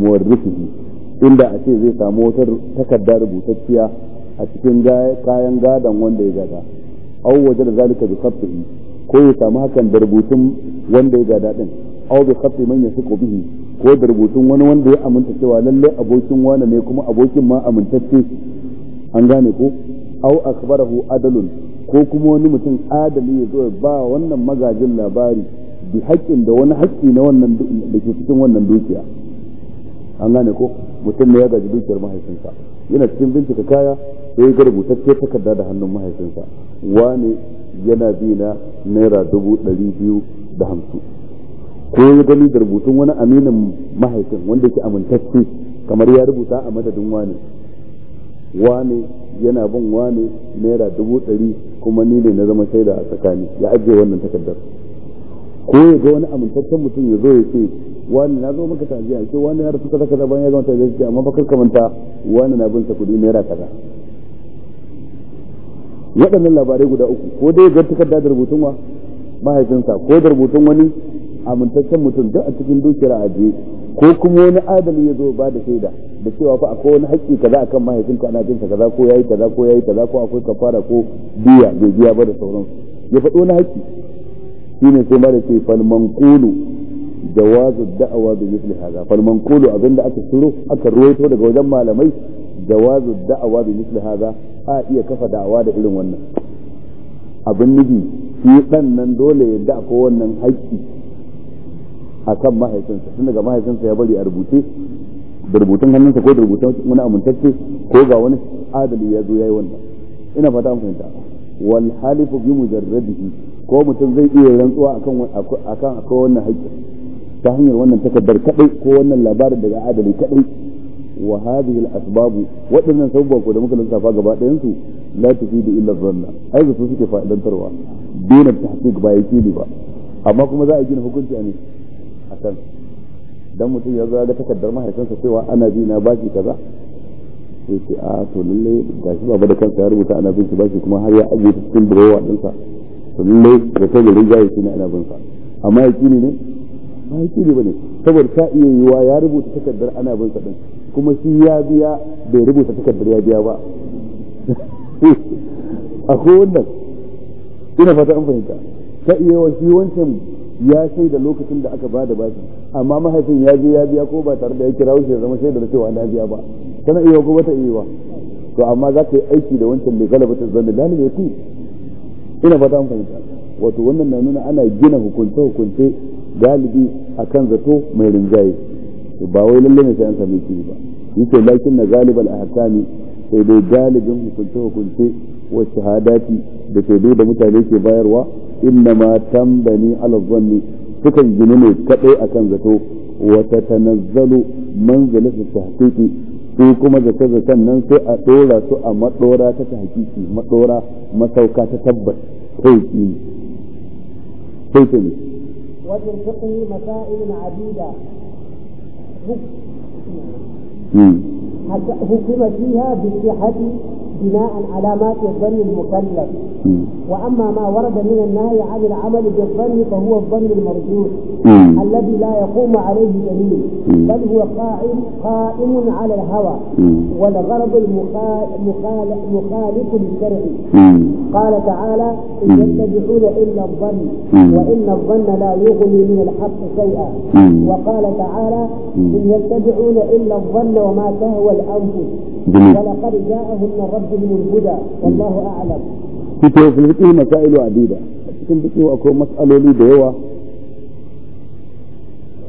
muwarrithihi inda a ce zai samu wata takarda rubutacciya a cikin kayan gadon wanda ya gada aw wajada zalika bi khabtihi ko ya samu hakan da rubutun wanda ya gada din aw bi khabti man yasiqu bihi ko da rubutun wani wanda ya aminta cewa lalle abokin wani ne kuma abokin ma amintacce an gane ko aw akbarahu adalun ko kuma wani mutum adali ya zo ba wannan magajin labari bi haƙƙin da wani haƙƙi na wannan da ke cikin wannan dukiya an gane ko mutum ne ya gaji dukiyar mahaifinsa yana cikin bincika kaya sai ya rubutacce takarda da hannun mahaifinsa wani yana bi na naira dubu ɗari biyu da hamsin ko ya gani da rubutun wani aminin mahaifin wanda ke amintacce kamar ya rubuta a madadin wani wani yana bin wani naira dubu ɗari kuma ni ne na zama shaida a tsakani ya ajiye wannan takardar ko ya ga wani amintaccen mutum ya zo ya ce wani na zo maka tajiya ce wani ya rasu kaza kaza bayan ya zama tajiya ce amma fa manta wani na bin sa kudi naira kaza waɗannan labarai guda uku ko dai ga takarda da rubutun wa mahaifinsa ko da rubutun wani amintaccen mutum duk a cikin dukiyar je ko kuma wani adali ya zo ba da shaida da cewa fa akwai wani haƙƙi kaza akan mahaifinka ana jinsa kaza ko yayi kaza ko yayi kaza ko akwai kafara ko biya bai biya ba da sauransu ya faɗo wani haƙƙi shine sai mara da ce fal manqulu jawazu da'awa bi misli hadha fal manqulu abinda aka turo aka ruwaito daga wajen malamai jawazu da'awa bi misli hadha a iya kafa da'awa da irin wannan abin nufi shi dan nan dole ya da ko wannan haƙƙi akan mahaifinsa tun daga mahaifinsa ya bari a rubuce da rubutun hannunsa ko da rubutun wani amintacce ko ga wani adali ya zo ya yi wannan ina fata an fahimta wal halifu bi mujarradihi ko mutum zai iya rantsuwa akan akan akwai wannan haƙƙi ta hanyar wannan takardar kadai ko wannan labarin daga adali kadai wa hadhihi al-asbab waɗannan sababba ko da muka lissafa gaba ɗayan su la tufidu illa dhanna ai su suke fa'idantarwa dole tahqiq ba yake ne ba amma kuma za a gina hukunci a ne akan dan mutum ya zo takardar takaddar mahaifinsa cewa ana bi na bashi kaza sai ce a ah, to lalle gashi baba da kansa ya rubuta ana bin shi bashi kuma har ya ajiye cikin burewa ɗinsa lallai da sai da rinjaye shi ne ana bin sa amma yaƙini ne ba yaƙini ba ne saboda ta iya yiwa ya rubuta takardar ana bin sa din kuma shi ya biya bai rubuta takardar ya biya ba akwai wannan ina fata an fahimta ta iya yiwa shi wancan ya shaida lokacin da aka bada bashi amma mahaifin ya je ya biya ko ba tare da ya kira shi ya zama da cewa na biya ba tana iya ko bata iya ba to amma za ka yi aiki da wancan mai galabata zanne da ne ya ina fata an fahimta wato wannan na nuna ana gina hukunce hukunce galibi akan zato mai rinjaye ba wai lalle ne sai an same shi ba yace lakin na galibal ahkami sai dai galibin hukunce hukunce wa shahadati da dai da mutane ke bayarwa inna ma tambani ala zanni sukan gini ne kadai akan zato wa tatanazzalu manzilatu tahqiqi su kuma zaka zakan nan sai a ɗora su a madora ta ta hakiki madora masauka ta tabbas kai ne sai ki ne wajen fiqhi masail adida حكم فيها بصحة بناء على ما في الظن المكلف واما ما ورد من النهي عن العمل بالظن فهو الظن المرجوح الذي لا يقوم عليه دليل بل هو قائم قائم على الهوى والغرض المخالف للشرع قال تعالى ان يتبعون الا الظن وان الظن لا يغني من الحق شيئا وقال تعالى ان يتبعون الا الظن وما تهوى الانفس جميل ولقد جاءهم من ربهم الهدى والله اعلم كتب في الفقه مسائل عديده لكن بقي اكو مساله لي دوا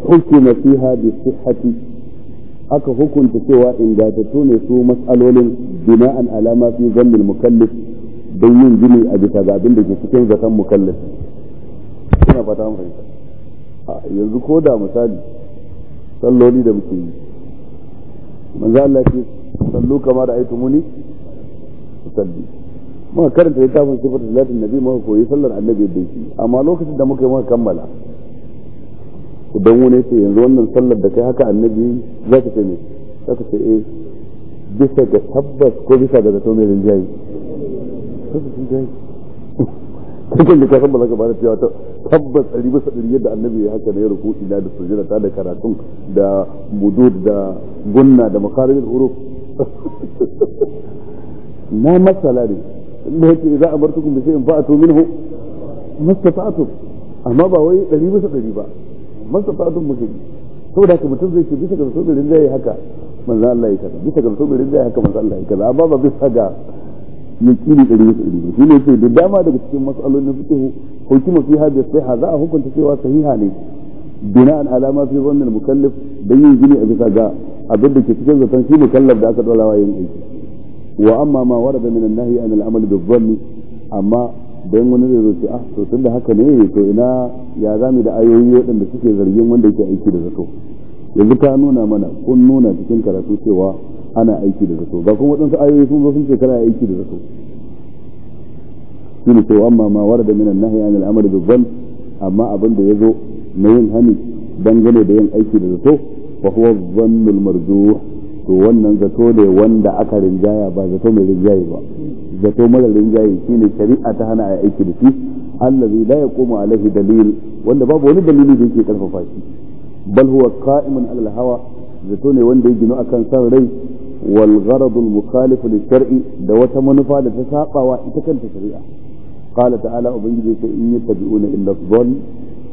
حكم فيها بصحه اكا حكم تسوى ان جاتتوني سو مسألول بناء على ما في ذنب المكلف بين جني ابي تغابين دي سكين زكام مكلف انا فتام رئيسا ينزو كودا مسالي صلو لي دمتين من ذا الله كيف sallu kama da aitu muni sallu muka karanta littafin sifar salatin nabi muka koyi sallar annabi da shi amma lokacin da muka yi muka kammala idan wani ce yanzu wannan sallar da kai haka annabi za ka ce ne za ka ce eh bisa ga tabbas ko bisa ga zato mai rinjaye cikin da kasan ba za ka bada cewa ta tabbas ɗari bisa ɗari yadda annabi ya haka na ya rufu ila da sujada ta da karatun da budud da gunna da makarin huruf na masala ne inda yake za a bar tukun da shi'in fa'atu minhu mastafa'atu amma ba wai ɗari bisa dari ba mastafa'atu muke yi saboda haka mutum zai ce bisa ga so garin zai haka manzo Allah ya kaza bisa ga so garin zai haka manzo Allah ya kaza amma ba bisa ga yakini ɗari bisa dari ba shine sai da dama daga cikin fito fiqh hukuma fiha bi sihha za a hukunta cewa sahiha ne bina ala ma fi zannil mukallaf don yin gini a bisa ga abin da ke cikin zaton shi mukallaf da aka dora yin aiki wa amma ma wara da minan al-amal bi dhanni amma dan wani zai zo ah to tun da haka ne to ina ya zamu da ayoyi waɗanda suke zargin wanda yake aiki da zato yanzu ta nuna mana kun nuna cikin karatu cewa ana aiki da zato ba kuma waɗansu ayoyi sun zo sun ce kana aiki da zato shi ne cewa amma ma wara da minan al-amal bi dhanni amma abin da ya zo na yin hani dangane da yin aiki da zato fa huwa dhannul marjuh to wannan zato ne wanda aka rinjaya ba zato mai rinjaye ba zato mara rinjaye shine shari'a ta hana a aiki da shi allazi la yaqumu alaihi dalil wanda babu wani dalili da yake karfafa shi bal huwa qa'imun ala hawa zato ne wanda ya gino akan san rai wal gharad al mukhalif li shar'i da wata manufa da ta sabawa ita kanta shari'a qala ta'ala ubangiji sai in yattabi'una illa dhann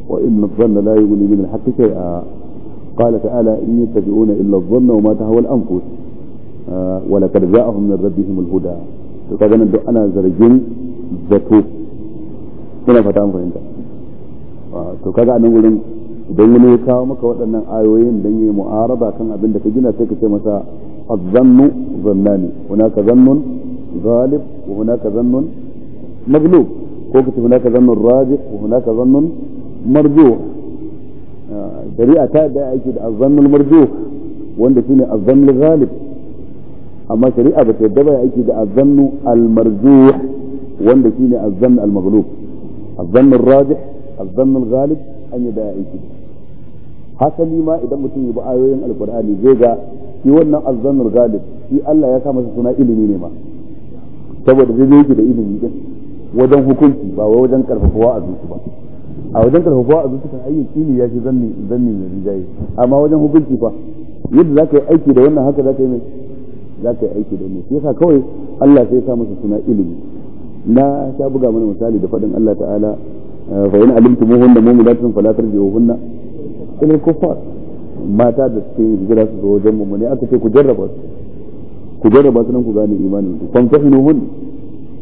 وإن الظن لا يغني من الحق شيئا قال تعالى إن يتبعون إلا الظن وما تهوى الأنفس ولقد جاءهم من ربهم الهدى kaga nan duk ana zargin zato ina fata an fahimta to kaga a nan wurin idan wani ya kawo maka waɗannan ayoyin dan yi mu'araba kan abin da ka gina sai ka ce masa azzannu zannani hunaka zannun ghalib wa hunaka zannun maglub ko ka ce hunaka zannun rajih wa hunaka zannun مرجو شريعه دا اكيد الظن المرجوح وند شنو الظن الغالب اما شريعه بتدبا اكيد الظن المرجوح وند شنو الظن المغلوب الظن الراجح الظن الغالب ان دا اكيد حسن ما اذا متي بايوين القران جيجا في wannan الظن الغالب في الله يا كما سنا علمي ما saboda zai zai yake da ilimi din wajen hukunci ba wai a wajen karfafa a zuciya ayyuki ne ya ce zanni zanni mai rijaye amma wajen hukunci fa yadda za ka yi aiki da wannan haka za ka yi mai za ka yi aiki da wannan shi yasa kawai Allah sai sa masa suna ilimi na sha buga mana misali da faɗin Allah ta'ala fa in alimtumuhunna mu'minatun fala tarji'uhunna ilal kuffar mata da suke hijira su zo wajen mummune aka ce ku jarraba su ku jarraba su nan ku gane imanin ku fankahinuhun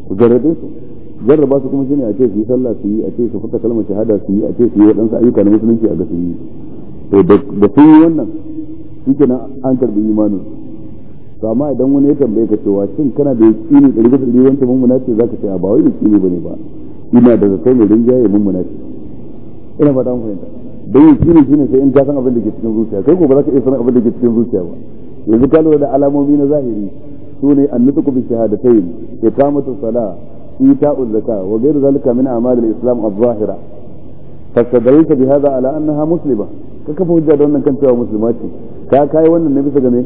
ku jarrabe su jarraba su kuma shine a ce su yi sallah su yi a ce su fita kalmar shahada su yi a ce su yi waɗansu ayyuka na musulunci a ga su yi to da sun yi wannan ke nan an karbi imanin to amma idan wani ya tambaye ka cewa shin kana da yaƙini ɗari da ɗari wancan mummuna ce ka ce a ba wai yaƙini ne ba ina da zato mai rinjaye mun ce ina fata an fahimta don yaƙini ne sai in ka san abin da ke cikin zuciya kai ko ba za ka iya san abin da ke cikin zuciya ba yanzu ka lura da alamomi na zahiri su ne annutuku bi shahadatayn iqamatu salaha. إيتاء الزكاة وغير ذلك من أعمال الإسلام الظاهرة فاستدلت بهذا على أنها مسلمة كيف حجة أنك كان سوى مسلمات كاكاي وأن النبي سجمي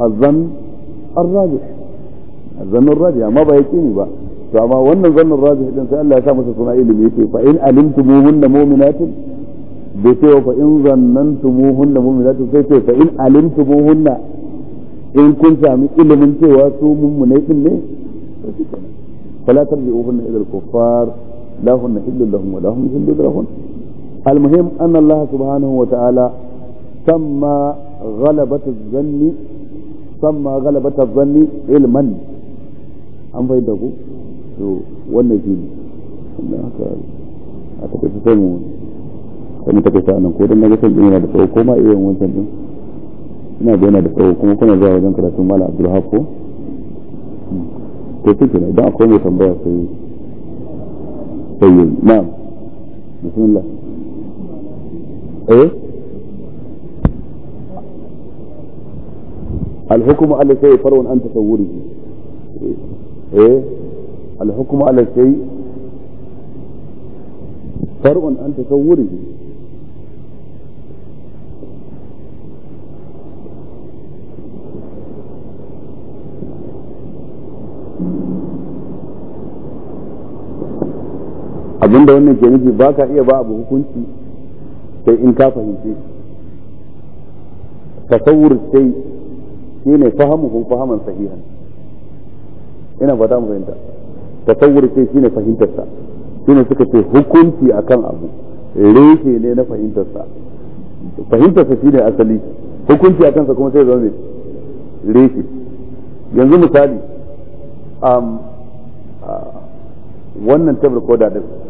الظن الراجح الظن الراجح ما بيكيني بقى فما وأن الظن الراجح إذن سأل الله سامس صنع إلي فإن علمتموهن مؤمنات بيتوا فإن ظننتموهن مؤمنات سيتوا فإن علمتموهن كنت kun إلا من سوى سوم mummunai din ne فلا ترجعوهن الى الكفار لا هن حل لهم ولا هم يحلون لهن المهم ان الله سبحانه وتعالى سمى غلبة الظن سمى غلبة الظن علما أقول فايدكو شو أنا أقول تعالى اعتقد أنا أقول muka tafi أنا أقول dan naga أنا أقول da tsoro أنا أقول iya wancan أنا أقول da yana أنا tsoro kuma kuna zuwa wajen karatun mala أنا أقول to shi kenan idan akwai mai tambaya sai sai na'am bismillah eh الحكم على شيء فرع عن تصوره ايه الحكم على شيء فرع عن تصوره abinda wannan ke nufi ba ka iya ba abu hukunci sai in ka fahimce tasawur sai shi ne kun fahaman sahihan ina fata mu fahimta tasawur sai shi ne fahimtarsa shi ne suka ce hukunci akan abu reshe ne na fahimtarsa fahimtarsa shi ne asali hukunci a kansa kuma sai zama mai reshe yanzu misali wannan tabar koda su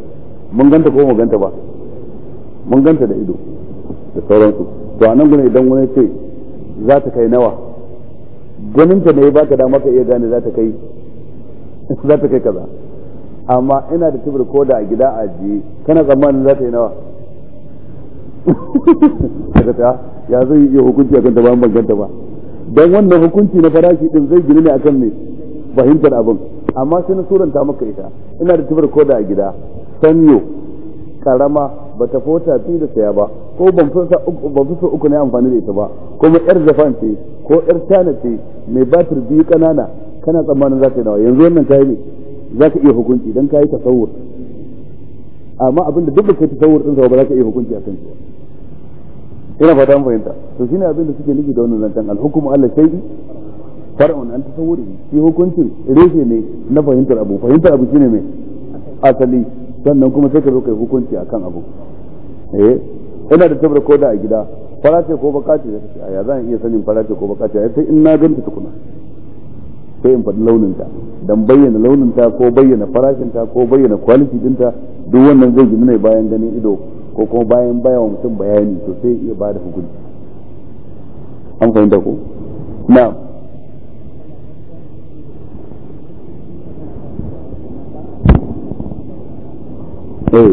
mun ganta ko mu ganta ba mun ganta da ido da sauransu to a nan gune idan wani ce za ta kai nawa ganinta ne ba ka dama ka iya gane za ta kai za ta kai kaza amma ina da tibir ko da a gida a ji kana tsammanin za ta yi nawa daga ta ya zai iya hukunci akan ta ba ban ganta ba don wannan hukunci na farashi din zai gini ne akan ne fahimtar abin amma sai na suranta maka ita ina da tibir ko da a gida sanyo karama ba ta fota fi da saya ba ko ban fi so uku ne amfani da ita ba ko mai yar japan ce ko yar tana ce mai batir biyu kanana kana tsammanin za ka yi nawa yanzu wannan ta yi ne za ka iya hukunci don ka yi tasawur amma abin da duk da kai tasawur ɗinsa ba za ka iya hukunci a kan shi ina fata mun fahimta to shine abin da suke nufi da wannan zancen al-hukmu ala shay'i far'un an tasawuri shi hukuncin reshe ne na fahimtar abu fahimtar abu shine mai asali sannan kuma sai ka zo kai hukunci akan abu eh ina da tabar koda a gida farace ko baka ce zaka ce aya zan iya sanin farace ko baka ce sai in na ganta tukuna sai in faɗi launin ta dan bayyana launin ta ko bayyana farashin ta ko bayyana quality din duk wannan zai gina ne bayan ganin ido ko kuma bayan bayawa mutum bayani to sai iya bada hukunci an fahimta ko na'am Eh.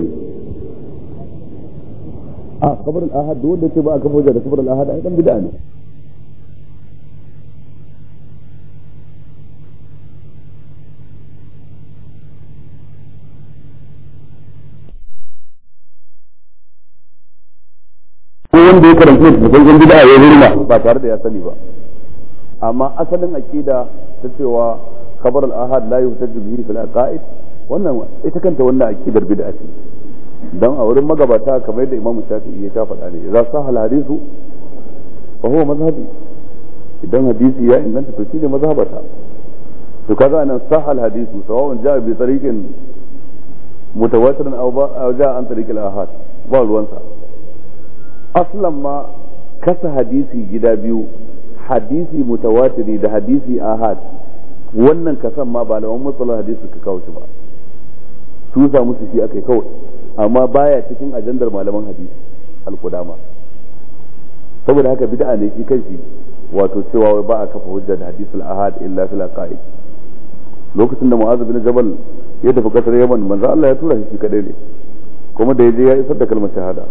a kabar al-ahad wanda ce ba a kafa wajen da kabar al-ahad ai dan bid'a ne wanda ya karanta da gangan bid'a ya rima ba tare da ya sani ba amma asalin aqida ta cewa kabar al-ahad la yuhtaju bihi fil aqaid wannan ita kanta wannan aqidar bid'a ce dan a wurin magabata kamar da Imam Shafi'i ya ta faɗa ne za sa hadisu fa huwa mazhabi idan hadisi ya inganta to shine mazhabata to kaga anan sahal hadisu sawa'un ja'a bi tariqin mutawatirin aw ja'a an tariqil ahad ba ruwansa aslan ma kasa hadisi gida biyu hadisi mutawatiri da hadisi ahad wannan kasan ma ba lawan matsalar hadisi ka kawo shi ba tusa musu shi akai kawai amma baya cikin ajandar malaman hadisi alkudama saboda haka bid'a ne shi kanshi wato cewa ba a kafa hujja da al ahad illa fil aqaid lokacin da mu'az bin jabal ya tafi kasar yaman manzo Allah ya tura shi kadai ne kuma da yaje ya isar da kalmar shahada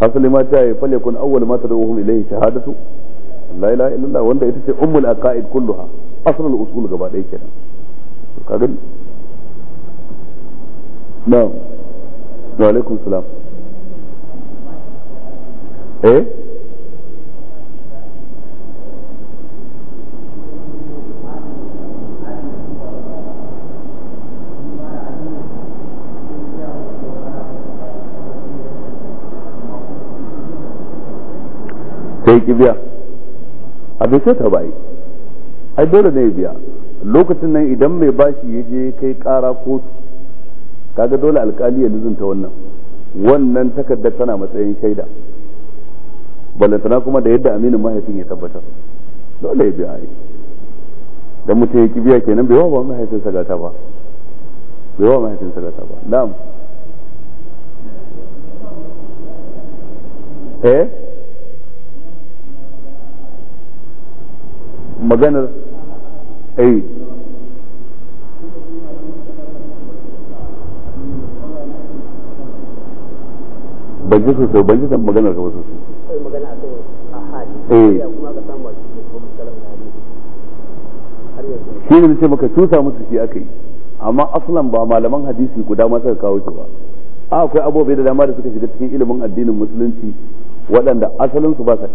hasali ma ta yi fale kun awwal ma tad'uhum ilayhi shahadatu la ilaha illallah wanda ita ce ummul aqaid kulluha asrul usul gaba ɗaya kenan kaga na'am wa alaikum eh? sai ki biya A bai sai ta bayi ai dole ne biya lokacin nan idan mai bashi ya je kai kara kotu kaga dole alkali ya nuzunta wannan wannan takardar tana matsayin shaida balantana kuma da yadda aminin mahaifin ya tabbatar dole ya biya yi don mutum ya kibiya kenan bai wa ba mahaifin sagata ba bai wa mahaifin sagata ba na'am eh maganar eh ban ji sosai ban ji magana ka wasu eh. shi ne ce maka tusa musu shi aka yi amma aslan ba malaman hadisi guda ma suka kawo shi ba a akwai abubuwa da dama da suka shiga cikin ilimin addinin musulunci waɗanda asalin su ba sa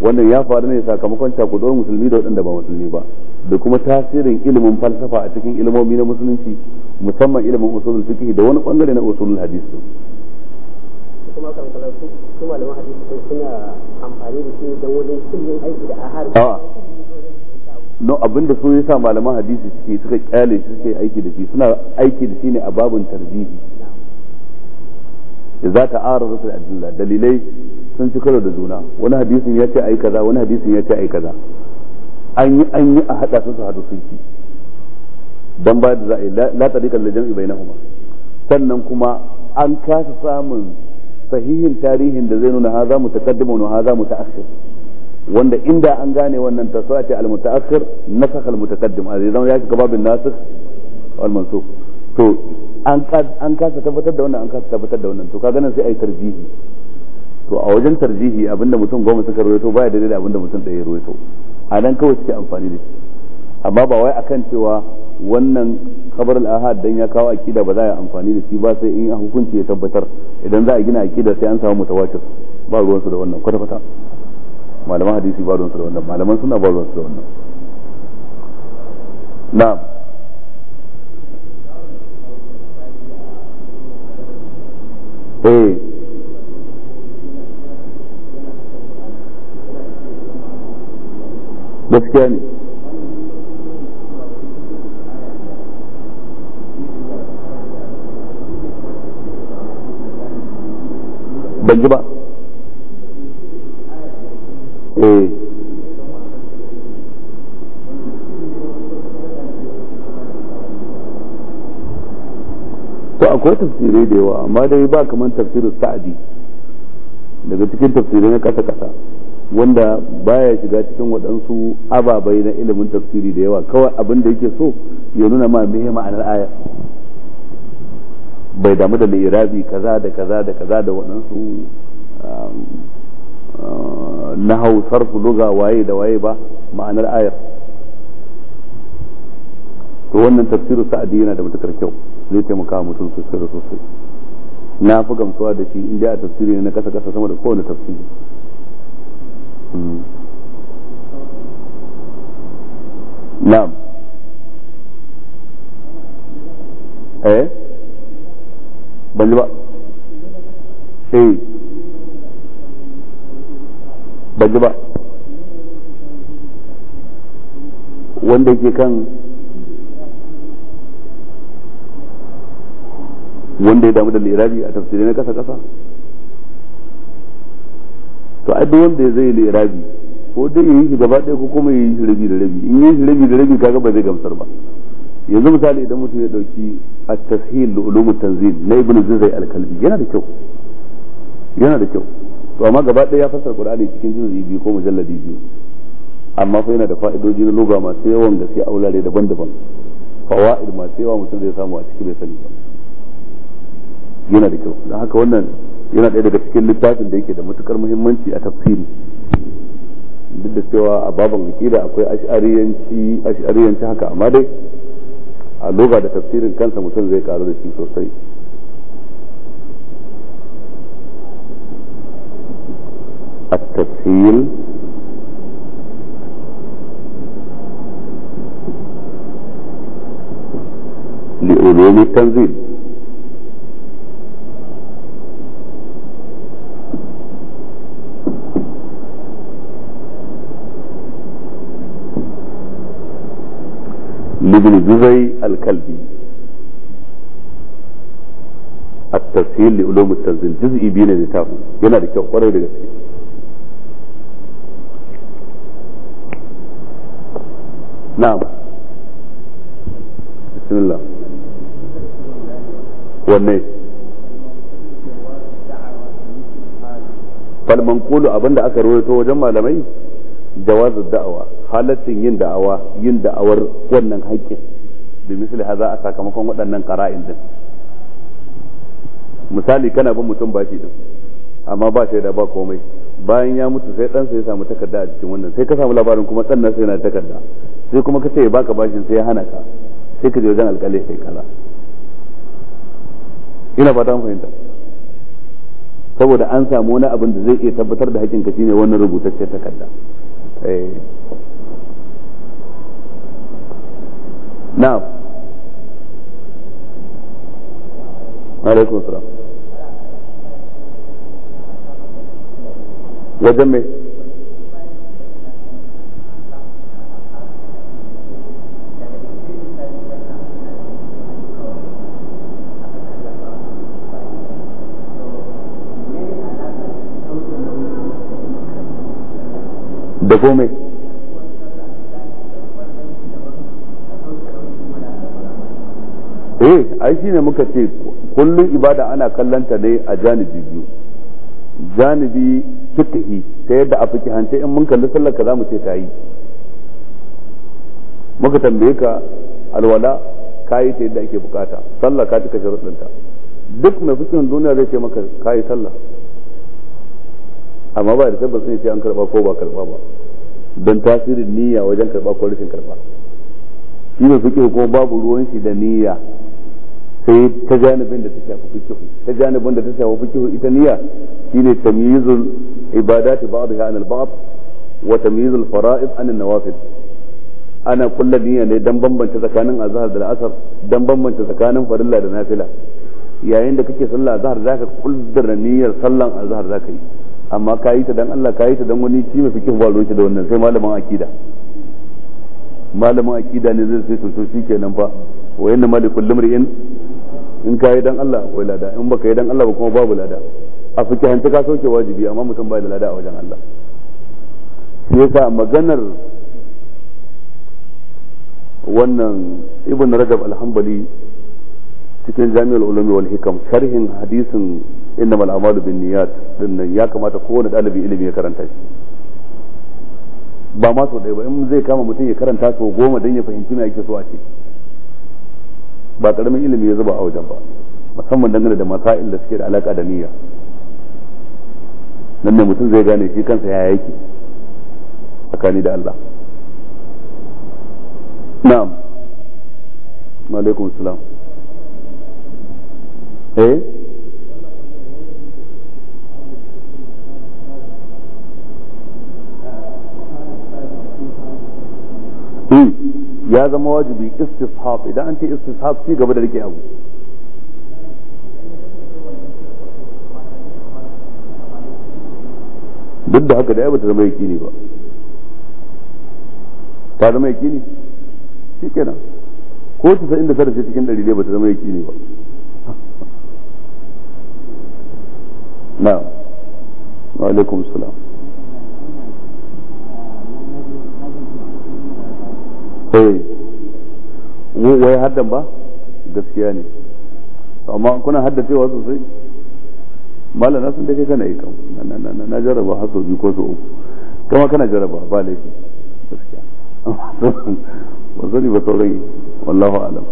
wannan ya faru ne sakamakon cakuduwar musulmi da waɗanda ba musulmi ba da kuma tasirin ilimin falsafa a cikin ilimomi na musulunci musamman ilimin usulul fiqh da wani bangare na usulul hadisi shi kuma kan su su malaman hadisi sun suna amfani da shi don wajen kullum aiki da ahar don abin da su ya sa malaman hadisi suke suka kyale shi suke aiki da shi suna aiki da shi ne a babin tarbihi. da za ta ara da adilla dalilai sun ci karo da juna wani hadisin ya ce a yi kaza wani hadisin ya ce a yi kaza an yi an yi a haɗa su su hadu sun ki dan ba da za'i la tariqan lil jam'i bainahuma sannan kuma an kasa samun sahihin tarihin da zai nuna haza mutaqaddimun wa haza mutaakhir wanda inda an gane wannan ta a ce al-mutaakhir nasakh al-mutaqaddim a zai zama ya shiga babin nasikh wal mansukh to an kasa tabbatar da wannan an kasa tabbatar da wannan to kaga nan sai ai tarjihi to a wajen tarjihi abinda mutum goma suka rawaito baya daidai da abinda mutum ɗaya ya rawaito a nan kawai suke amfani da shi amma ba wai akan cewa wannan kabar al'ahad dan ya kawo akida ba za a amfani da shi ba sai in hukunci ya tabbatar idan za a gina akida sai an samu mutawatir ba ruwansu da wannan kwata kwata malaman hadisi ba ruwan su da wannan malaman suna ba ruwan su da wannan na'am eh gaskiya ne ban ji ba eh. to akwai tafsirai da yawa amma dai ba kamar tafsirin sa'adi daga cikin tafsirai na kasa-kasa wanda baya shiga cikin waɗansu ababai na ilimin tafsiri da yawa kawai abin da yake so ya nuna ma me ma'anar bai damu da lirabi kaza da kaza da kaza da waɗansu um, uh, na hausar su luga waye da waye ba ma'anar ayar to wannan tafsirin sa'adi yana da matukar kyau zai taimaka mutum sosai da sosai na fi gamsuwa da shi inda a tafsiri ne na kasa kasa sama da kowane tafsiri hmm. na'am eh ban ba eh ban ba wanda ke kan wanda ya damu da lirabi a tafsirai na kasa kasa to ai duk wanda zai lirabi ko dai yi shi gaba ɗaya ko kuma yi shi rabi da rabi in yi shi rabi da rabi kaga ba zai gamsar ba yanzu misali idan mutum ya dauki a tashil ulum tanzil na ibn zuzai al-kalbi yana da kyau yana da kyau to amma gaba ɗaya ya fassara qur'ani cikin juz'i biyu ko mujalladi biyu amma fa yana da fa'idoji na lugha masu yawan gaske a wurare daban-daban fawaid masu yawa mutum zai samu a cikin bai sani ba yana da kyau don haka wannan yana ɗaya daga cikin littafin da yake da matukar muhimmanci a tafsiri duk da cewa a baban akida akwai ash'ariyanci ash'ariyanci haka amma dai a duba da tafsirin kansa mutum zai karu da shi sosai التفصيل لعلوم التنزيل juzai alkalbi a tafsir li ulum tanzil juz'i biyu ne da littafin yana da kyau kwarai da gaske na'am bismillah wanne fal manqulu abinda aka rawaito wajen malamai jawazu da'awa halaccin yin da'awa yin da'awar wannan haƙƙin bi misli haza a sakamakon waɗannan ƙara'in din misali kana bin mutum bashi din amma ba shaida ba komai bayan ya mutu sai ɗansa ya samu takarda a cikin wannan sai ka samu labarin kuma ɗan nasa yana takarda sai kuma ka ce ya baka bashin sai ya hana ka sai ka je wajen alƙali sai kaza ina fata mun fahimta saboda an samu wani abin da zai iya tabbatar da haƙin ka shine wannan rubutacce takarda eh. na'am alaikum salam wajen mai da komai eh ai shine muka ce kullum ibada ana kallanta ne a janibi biyu janibi fitahi ta yadda a fiki hance in mun kalli sallar ka mu ce ta yi muka tambaye ka alwala kayi ta yadda ake bukata sallah ka cika sharuɗinta duk mai fikihin duniya zai ce maka kayi sallah amma ba da tabbas ne sai an karba ko ba karba ba don tasirin niyya wajen karba ko rashin karba shi mai fikihu ko babu ruwan shi da niyya sai ta janibin da ta shafi fikihu ta janibin da ta shafi fikihu ita niyya shine tamyizul ibadati ba'daha anil bad wa tamyizul fara'id anin nawafil ana kulla niyya ne dan bambanta tsakanin azhar da asar dan bambanta tsakanin farilla da nafila yayin da kake sallah azhar zaka kulla niyyar sallan azhar zaka yi amma ka yi ta dan Allah ka yi ta dan wani shi mai fikihu ba ruwanci da wannan sai malamin akida malamin akida ne zai sai to shi kenan fa wa inna malikul limri'in in ka yi dan Allah akwai lada in baka yi dan Allah ba kuma babu lada a hanci ka sauke wajibi amma mutum bai da lada a wajen Allah shi yasa maganar wannan ibn rajab alhambali cikin jami'ar ulumi wal hikam sharhin hadisin innamal a'malu bin niyyat din ya kamata kowane dalibi ilimi ya karanta shi ba ma so ɗaya ba in zai kama mutum ya karanta sau goma don ya fahimci me ake so a ce ba karamin ilimi ya zuba a wajen ba musamman dangane da masail da suke da alaka da niyya nan ne mutum zai gane shi kansa ya yake tsakani da Allah na'am alaikum salam eh hmm ya zama wajibi istishab idan an ce istishab ci gaba da rike abu duk da haka da ya bata zama yakini ba ta zama yakini shi kenan ko ta sa'in inda tara ce cikin ɗari ne bata zama yakini ba na wa alaikum salam wai haddan ba gaskiya ne amma kuna haddacewa sosai malam na sun da kai kana yi kam na jaraba har sau biyu ko sau uku kama kana jaraba ba laifi gaskiya ba sani ba saurayi wallahu alam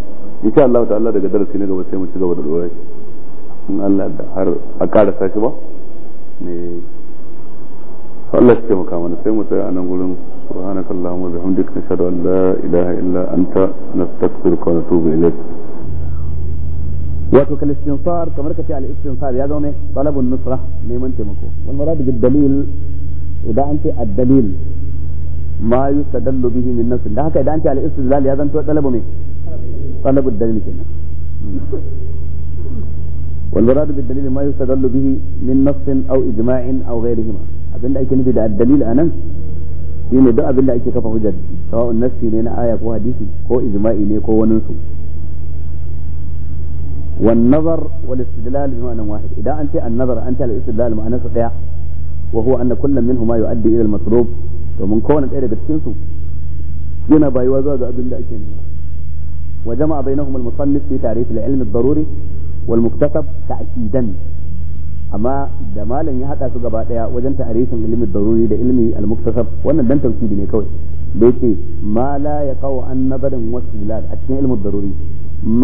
insha Allah ta'ala daga darasi ne gaba sai mu ci gaba da dorai in Allah da har a ƙara sashi ba ne Allah shi taimaka mana sai mu tsaya a nan gurin subhanaka allahumma bihamdika nashhadu an la ilaha illa anta nastaghfiruka wa natubu ilayk wato kal istinsar kamar kace al istinsar ya zama ne talabun nusra neman taimako wal murad bil dalil idan an ce ad dalil ma yustadallu bihi min nafs da haka idan an ce al istidlal ya zanto talabu ne talabud dalil kenan والمراد بالدليل ما يستدل به من نص او اجماع او غيرهما ابن ايك نبدا الدليل انا شيء ده ابن ايك كفى حجج سواء النص ني ايه كو حديث كو اجماع ني كو ونس والنظر والاستدلال بمعنى واحد اذا انت النظر انت الاستدلال معنى صحيح وهو ان كل منهما يؤدي الى المطلوب ومن كون ايه ده بتكنس هنا بايوا زو ابن ايك وجمع بينهما المصنف في تعريف العلم الضروري والمكتسب تأكيدا أما دمالا يحدث أسوغا باتيا وجن تحريسا علم الضروري لعلم المكتسب وانا دن تنسيب نيكوي بيتي ما لا يقع أن نظر واستدلال أتشن علم الضروري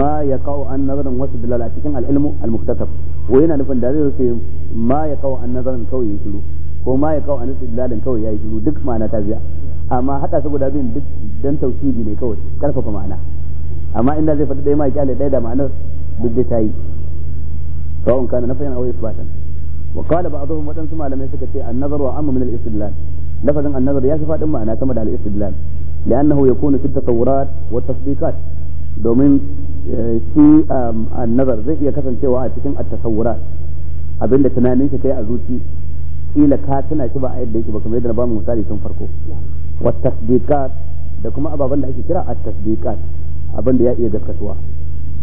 ما يقع أن نظر واستدلال أتشن العلم المكتسب وين نفن داري رسيهم ما يقع أن نظر كوي يسلو وما يقع عن استدلال كوي يسلو دك معنى تازيا أما حتى أسوغا دابين دن توسيب نيكوي كالفة معنى amma inda zai faɗi ɗaya ma ya kyale ɗaya da ma'anar duk dai ta yi sawa'un kana nafiyan awai isbatan wa qala ba'dhum wadansu malamai suka ce an-nazar wa amma min al-istidlal lafazin an-nazar ya fi faɗin ma'ana sama da al-istidlal li'annahu yakunu fi at-tasawurat wa at-tasdiqat domin shi an-nazar zai iya kasancewa a cikin at-tasawurat abinda tunanin shi kai a zuci kila ka tana shi ba a yadda yake ba kamar yadda na ba mu misali tun farko wa tasdiqat da kuma ababen da ake kira at-tasdiqat abin da ya iya gaskatuwa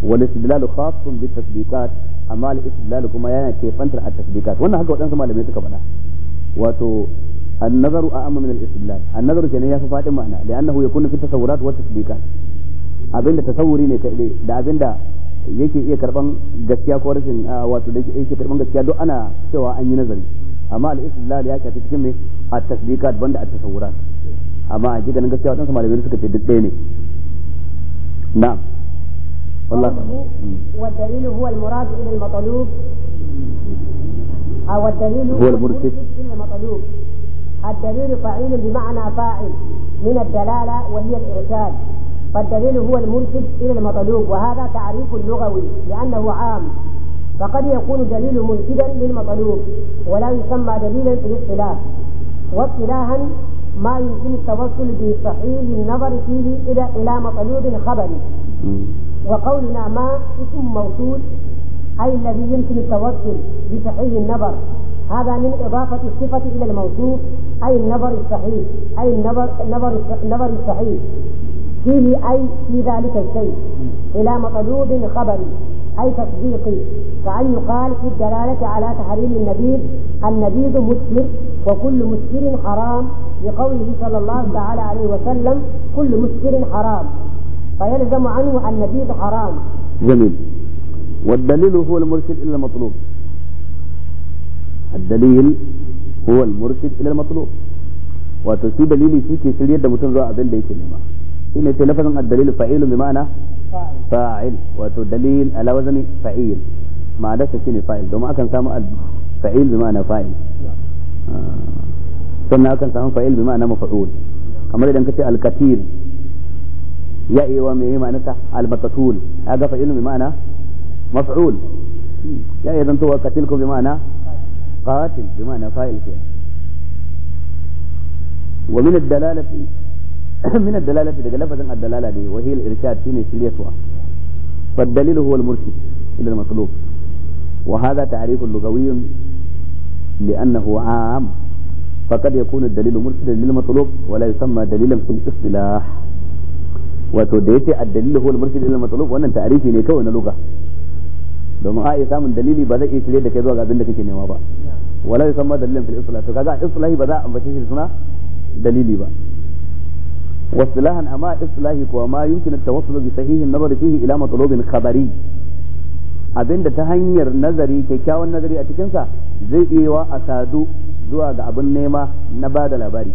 wal istidlalu khassun bi tasdiqat amma al istidlalu kuma yana kefantar at tasdiqat wannan haka wadansu malamai suka faɗa wato al-nagaru النظر أعم من الاستدلال النظر كان يا فات معنى لأنه يكون في التصورات والتصديقات abinda tasawuri ne da abinda yake iya karban gaskiya ko rashin wato da yake karban gaskiya duk ana cewa an yi nazari amma al-istidlal ya shafi cikin me at-tasdiqat banda at-tasawurat amma a ganin gaskiya wadansu malamai suka ce duk ɗaya ne نعم والله والدليل هو المراد إلى المطلوب أو الدليل هو المرشد إلى المطلوب الدليل فعيل بمعنى فاعل من الدلالة وهي الإرشاد فالدليل هو المرشد إلى المطلوب وهذا تعريف لغوي لأنه عام فقد يكون دليل مرشدا للمطلوب ولا يسمى دليلا في الاصطلاح واصطلاحا ما يمكن التوصل بصحيح النظر فيه إلى إلى مطلوب خبري وقولنا ما اسم موصول أي الذي يمكن التوصل بصحيح النظر هذا من إضافة الصفة إلى الموصوف أي النظر الصحيح أي النظر النظر النظر الصحيح فيه أي في ذلك الشيء إلى مطلوب خبري أي تصديقي كأن يقال في الدلالة على تحريم النبيذ النبيذ مسكر وكل مسكر حرام لقوله صلى الله تعالى عليه وسلم كل مسكر حرام فيلزم عنه النبيذ حرام جميل والدليل هو المرشد إلى المطلوب الدليل هو المرشد إلى المطلوب وتسيب shi في shi ke shirye بين بيت zuwa shine sai lafazin ad-dalil fa'ilu bi ma'ana fa'il wato dalil ala wazni fa'il ma'ana sa shine fa'il domin akan samu fa'il bi ma'ana fa'il sannan akan samu fa'il bi ma'ana maf'ul kamar idan kace al-katir ya iya me ma'ana sa al-maqtul aga fa'il bi ma'ana maf'ul ya iya zanto wa katilku bi ma'ana qatil bi ma'ana fa'il kenan ومن الدلالة من الدلالة إذا لفظ الدلالة دي وهي الإرشاد في نسليتها فالدليل هو المرشد إلى المطلوب وهذا تعريف لغوي لأنه عام فقد يكون الدليل مرشدا للمطلوب ولا يسمى دليلا في الاصطلاح وتديت الدليل هو المرشد إلى المطلوب وأن تعريفي لكون لغة دوما ها آه يسمى من دليلي بدا يسلي دك يدوغا دندك كيني ولا يسمى دليلا في الاصطلاح فكذا اصطلاحي بدا ان بتشي سنا دليلي با واصلاحا اما اصلاح وما يمكن التوصل بصحيح النظر فيه الى مطلوب خبري abinda ta hanyar nazari kyakkyawan nazari a cikinsa zai iya wa a sadu zuwa ga abin nema na ba da labari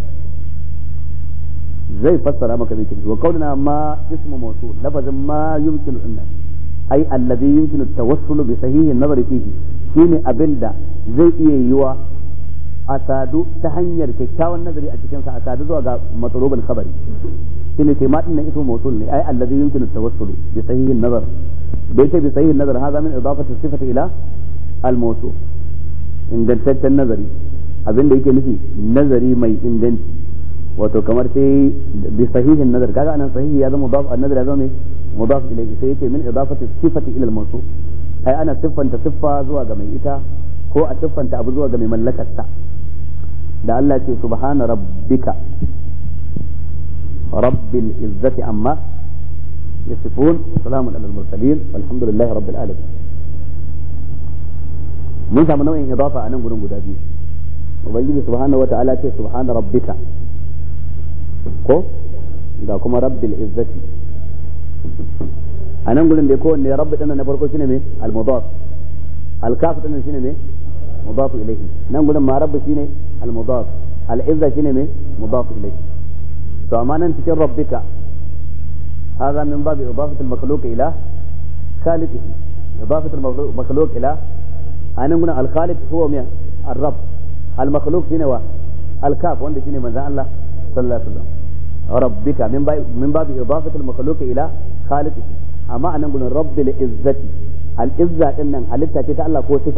zai fassara maka zai cikin wa kaunina ma ismu mawsul lafazin ma yumkinu inna ai allazi yumkinu tawassulu bi sahihi nazari fihi shine abinda zai iya yiwa a sadu ta hanyar kyakkyawan nazari a cikinsa sa a sadu zuwa ga matsalobin khabari shine ce ma dinnan ismu mawsul ne ai allazi yumkinu tawassulu bi sahihin nazar bai ce bi sahihin nazar haza min idafati sifati ila al mawsul ingantaccen nazari abinda yake nufi nazari mai inganci wato kamar sai bi sahihin nazar kaga anan sahihi ya zama mudaf an nazar ya zama mudaf ilayhi sai yace min idafati sifati ila al mawsul ai ana siffanta siffa zuwa ga mai ita ko a siffanta abu zuwa ga mai mallakarsa da Allah ce subhana rabbika rabbil izzati amma yasifun salamun alal mursalin walhamdulillahi rabbil alamin mun samu nau'in idafa a nan gurin guda biyu ubangiji subhanahu wata'ala ce subhana rabbika ko ga kuma rabbil izzati a nan gurin da ya kowanne rabbi dana na farko shine ne al-mudaf al-kaf dana shine me مضاف إليه نعم، نقول ما رب شيني المضاف الإذا شيني من مضاف إليه فما أنت ربك هذا من باب إضافة المخلوق إلى خالقه إضافة المخلوق إلى أنا نقول الخالق هو من الرب المخلوق شيني الكاف وانت شيني من الله صلى الله عليه وسلم ربك من باب من باب إضافة المخلوق إلى خالقه أما أنا نقول رب izzati الإزة izza هل تأتي الله ce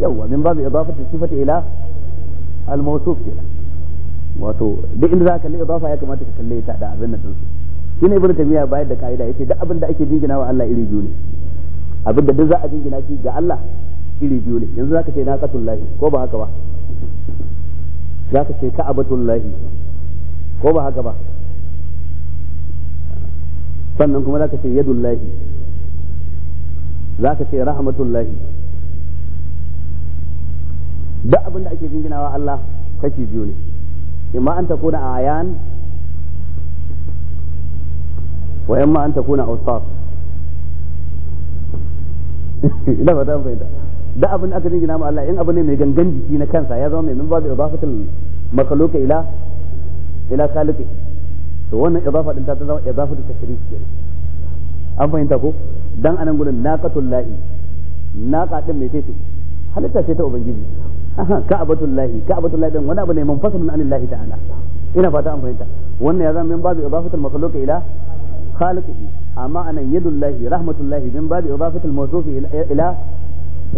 yawwa min babu idafatu sifati ila al-mawsuf kenan wato duk inda za ka kalli idafa ya kamata ka kalle ta da abin nan dinsu shine ibnu tamiya bayar da kaida yace duk abin da ake jingina wa Allah iri biyu ne abin da duk za a jingina shi ga Allah iri biyu ne yanzu zaka ce naqatullahi ko ba haka ba zaka ce ka'abatullahi ko ba haka ba sannan kuma zaka ce yadullahi zaka ce rahmatullahi duk abin da ake jinginawa Allah kashi biyu ne imma an kuna ayan wa imma an kuna ustaz da ba ta fahimta da abin da aka jingina ma Allah in abu ne mai gangan jiki na kansa ya zama mai min babu idafatul makhluqa ila ila khaliqi to wannan idafa din ta zama idafatu tashrif kenan an fahimta ko dan anan gurin naqatul lahi naqa din mai tace halitta ce ta ubangiji ka'abatullahi ka'abatullahi dan wani abu ne mun fasalun anillahi ta'ala ina fata an fahimta wannan ya zama min babu idafatul makhluq ila khaliqihi amma anan yadullahi rahmatullahi min babu idafatul mawsuf ila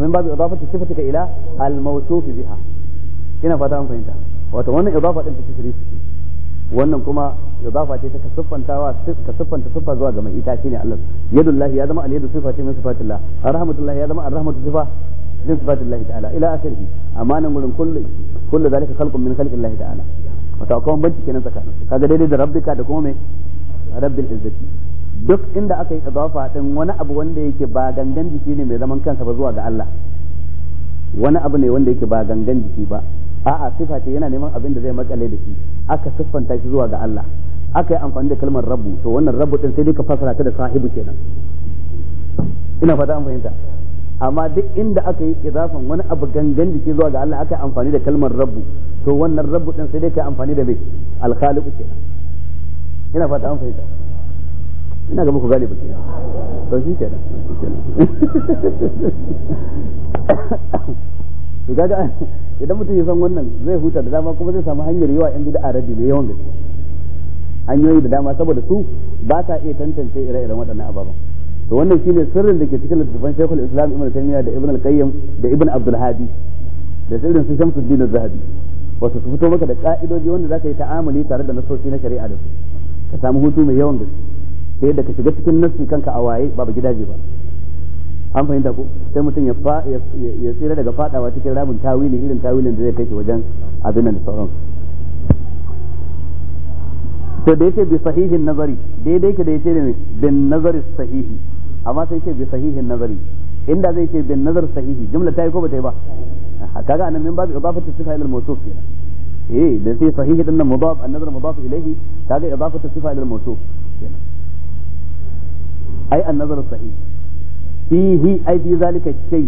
min babu idafatul sifatika ila al mawsuf biha ina fata an fahimta wato wannan idafa din ta tasrif wannan kuma idafa ce ta kasuffantawa ka suffanta suffa zuwa ga mai ita shine Allah yadullahi ya zama al yadu sifa ce min sifatillah rahmatullahi ya zama ar rahmatu sifa bi sifatillahi ta'ala ila akhirih amma nan gurin kullu kullu zalika khalqun min khalqillahi ta'ala wato akwai banci kenan tsakanin kaga daidai da rabbika da kuma me rabbil izzati duk inda aka yi idafa din wani abu wanda yake ba gangan jiki ne mai zaman kansa ba zuwa ga Allah wani abu ne wanda yake ba gangan jiki ba a'a sifa ce yana neman abin da zai makale da shi aka siffanta shi zuwa ga Allah aka yi amfani da kalmar rabbu to wannan rabbu din sai dai ka fasara ta da sahibu kenan ina fata an fahimta amma duk inda aka yi idafan wani abu gangan jiki zuwa ga Allah aka amfani da kalmar rabbu to wannan rabbu din sai dai ka amfani da mai alkhaliqu kenan ina fata an fahimta ina ga muku galibi kenan to shi ke to kaga idan mutum ya san wannan zai huta da dama kuma zai samu hanyar yawa yan bid'a rabi ne yawan gaske hanyoyi da dama saboda su ba ta iya tantance ire-iren waɗannan ababen to wannan shine sirrin da ke cikin littafin Sheikhul Islam Ibn Taymiyyah da Ibn Al-Qayyim da Ibn Abdul Hadi da sirrin su Shamsuddin Az-Zahabi wato su fito maka da ka'idoji wanda zaka yi ta'amuli tare da nasoshi na shari'a da su ka samu hutu mai yawan gaske sai da ka shiga cikin nasi kanka a waye ba gidaje ba an fahimta ko sai mutum ya ya tsira daga fadawa cikin ramin tawili irin tawilin da zai kai shi wajen abin da sauran to da yake bi sahihin nazari daidai ke da yake ne bin nazari sahihi amma sai ce bi sahihin nazari inda zai ce bin nazar sahihi jumla ta yi ko ba ta yi ba kaga anan min babu idafatu sifa ila al-mawsuf kenan eh da sai sahihi din nan mudaf an-nazar mudaf ilayhi kaga idafatu sifa ila al-mawsuf kenan ai an-nazar sahihi fihi ai bi zalika shay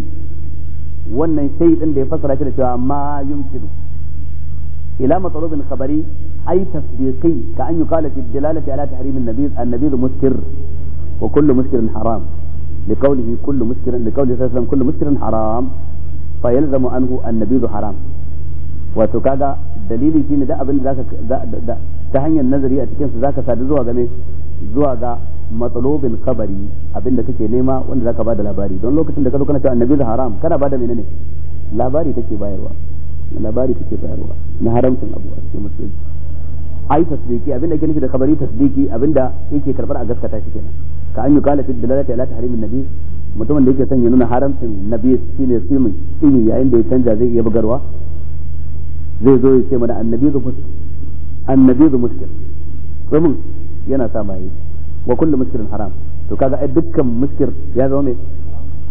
wannan shay din da ya fasara shi da cewa ma yumkinu ila matalubin khabari ai tasdiqi ka an yuqala fi dalalati ala tahrim an-nabiz an nabiy mustir وكل مسكر حرام لقوله كل مسكر لقوله صلى الله عليه وسلم كل مسكر حرام فيلزم عنه النبيذ حرام وتكاد دليل شيء ده ابن ذاك ذا تهني النظر يأتيكن ذاك سعد زوا جمي زوا جا مطلوب الخبري ابن ذاك كلمة وان ذاك بعد لباري دون لو كتن ذاك كنا النبي حرام كنا بعد من هنا لباري تكي بايروا لباري تكي بايروا نحرم تن أبو أسمى مسجد أي تصديقي ابن ذاك كنا خبري تصديقي ابن ذا إيه كي كربر أجد كتاي سكينا ka an yi kala fi dalalata ila tahrimin nabi mutumin da yake son ya nuna haramcin nabi shine simin tsini yayin da ya canja zai iya bugarwa zai zo ya ce mana annabi zu annabi zu muskil domin yana sa maye wa kullu muskilin haram to kaga ai dukkan muskil ya zama mai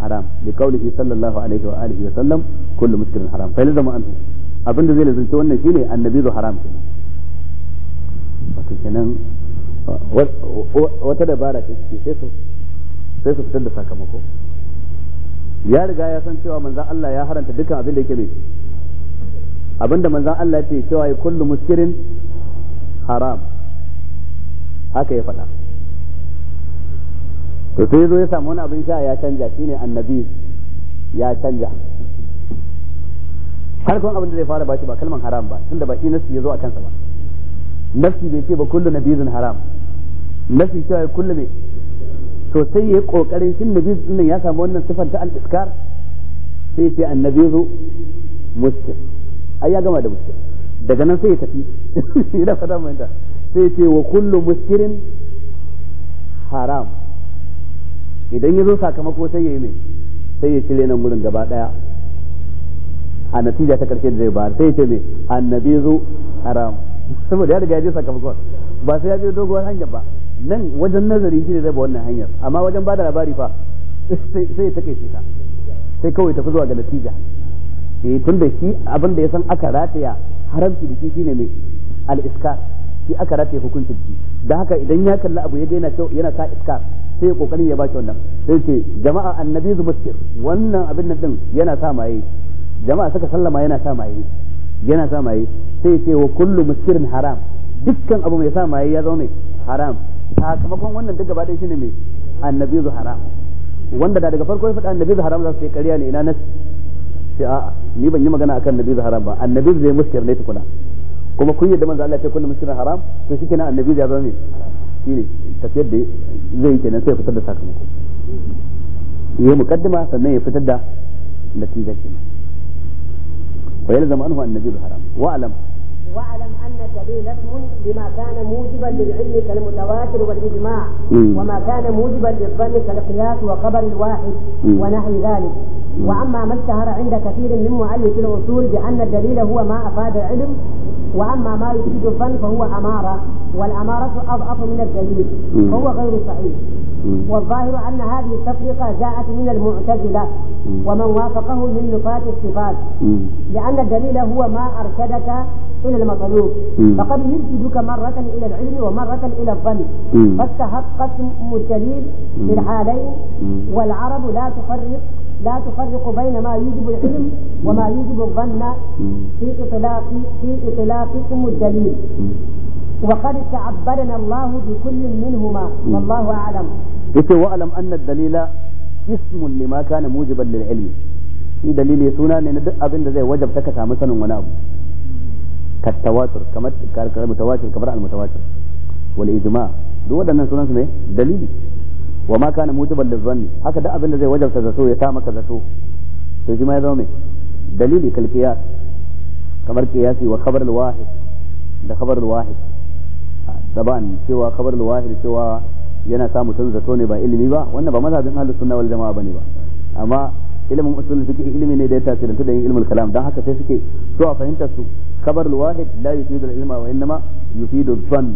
haram bi qaulihi sallallahu alaihi wa alihi wa sallam kullu muskilin haram fa lazama anhu abinda zai lazanta wannan shine annabi zu haram kenan wato kenan wata dabara ce suke sai su sai su fitar da sakamako ya riga ya san cewa manzan Allah ya haranta dukkan abin da yake mai abinda manzan Allah ce cewa ya kullu muskirin haram haka ya faɗa to sai zo ya samu wani abin sha ya canja shine annabi ya canja Har farkon abin da zai fara bashi ba kalman haram ba tunda ba shi nasu ya zo a kansa ba nasu bai ce ba kullu nabizin haram nafi cewa ya kulle mai to sai ya yi kokarin shin nabi din ya samu wannan sifar ta al-iskar sai ce annabi zo muskil ai ya gama da muskil daga nan sai ya tafi ina fata mai da sai ce wa kullu muskirin haram idan ya zo sakamako sai ya yi mai sai ya cire nan gurin gaba daya a natija ta karshe da zai bayar sai ya ce mai annabi zo haram saboda ya riga ya je sakamakon ba sai ya je doguwar hanyar ba nan wajen nazari ne zai ba wannan hanyar amma wajen ba da labari fa sai ta kai ta sai kawai tafi zuwa ga natija eh da shi abin da ya san aka rataya haramci da shi shine mai al-iskar shi aka rataya hukuncin shi da haka idan ya kalli abu ya daina yana sa iskar sai kokarin ya ba wannan sai ce jama'a annabi zubtir wannan abin nan din yana sa maye jama'a suka sallama yana sa maye yana sa maye sai ce wa kullu muskirin haram dukkan abu mai sa maye ya zama mai haram sakamakon wannan duk gaba ɗaya ne mai annabi haram wanda da daga farko ya faɗa annabi haram za su yi ƙarya ne ina na sai a ni ban yi magana akan annabi haram ba annabi zai muskiyar ne tukuna kuma kun yadda manzo Allah ya ce kullu muskirin haram to kenan annabi ya zama ne shine tafiyar da zai yi kenan sai fitar da sakamako yi mukaddima sannan ya fitar da natijar kenan wa yalzamu anhu annabi haram wa alam واعلم ان دليل اسم لما كان موجبا للعلم كالمتواتر والاجماع وما كان موجبا للظن كالقياس وخبر الواحد ونحو ذلك واما ما اشتهر عند كثير من مؤلف الاصول بان الدليل هو ما افاد العلم واما ما يفيد الظن فهو اماره والاماره اضعف من الدليل فهو غير صحيح والظاهر ان هذه التفرقه جاءت من المعتزله ومن وافقه من نفاة الصفات لان الدليل هو ما ارشدك إلى المطلوب فقد يرشدك مرة إلى العلم ومرة إلى الظن فاستحقت ام الدليل في الحالين والعرب لا تفرق لا تفرق بين ما يجب العلم وما يجب الظن في إطلاق في إطلاق ام الدليل وقد تعبدنا الله بكل منهما والله أعلم. قلت واعلم أن الدليل اسم لما كان موجبا للعلم في دليل يسونا suna أبن زي وجب abin مثلا ونابو kattawatur kamar karkar mutawatir kamar almutawatir wal ijma duk waɗannan sunan su ne dalili wa ma kana mutaban lizanni haka duk abin da zai wajabta zato ya sa maka zato to shi ma ya zama mai dalili kal qiyas kamar qiyasi wa khabar al wahid da khabar al wahid daban cewa khabar al wahid cewa yana samu mutum zato ne ba ilimi ba wannan ba mazhabin ahlus sunna wal jamaa bane ba amma ilimin usul fiqh ilimi ne da ya tasirantu da yin ilmul kalam dan haka sai suke so a fahimtar su khabar al wahid la yufidu al-ilma wa innama yufidu dhann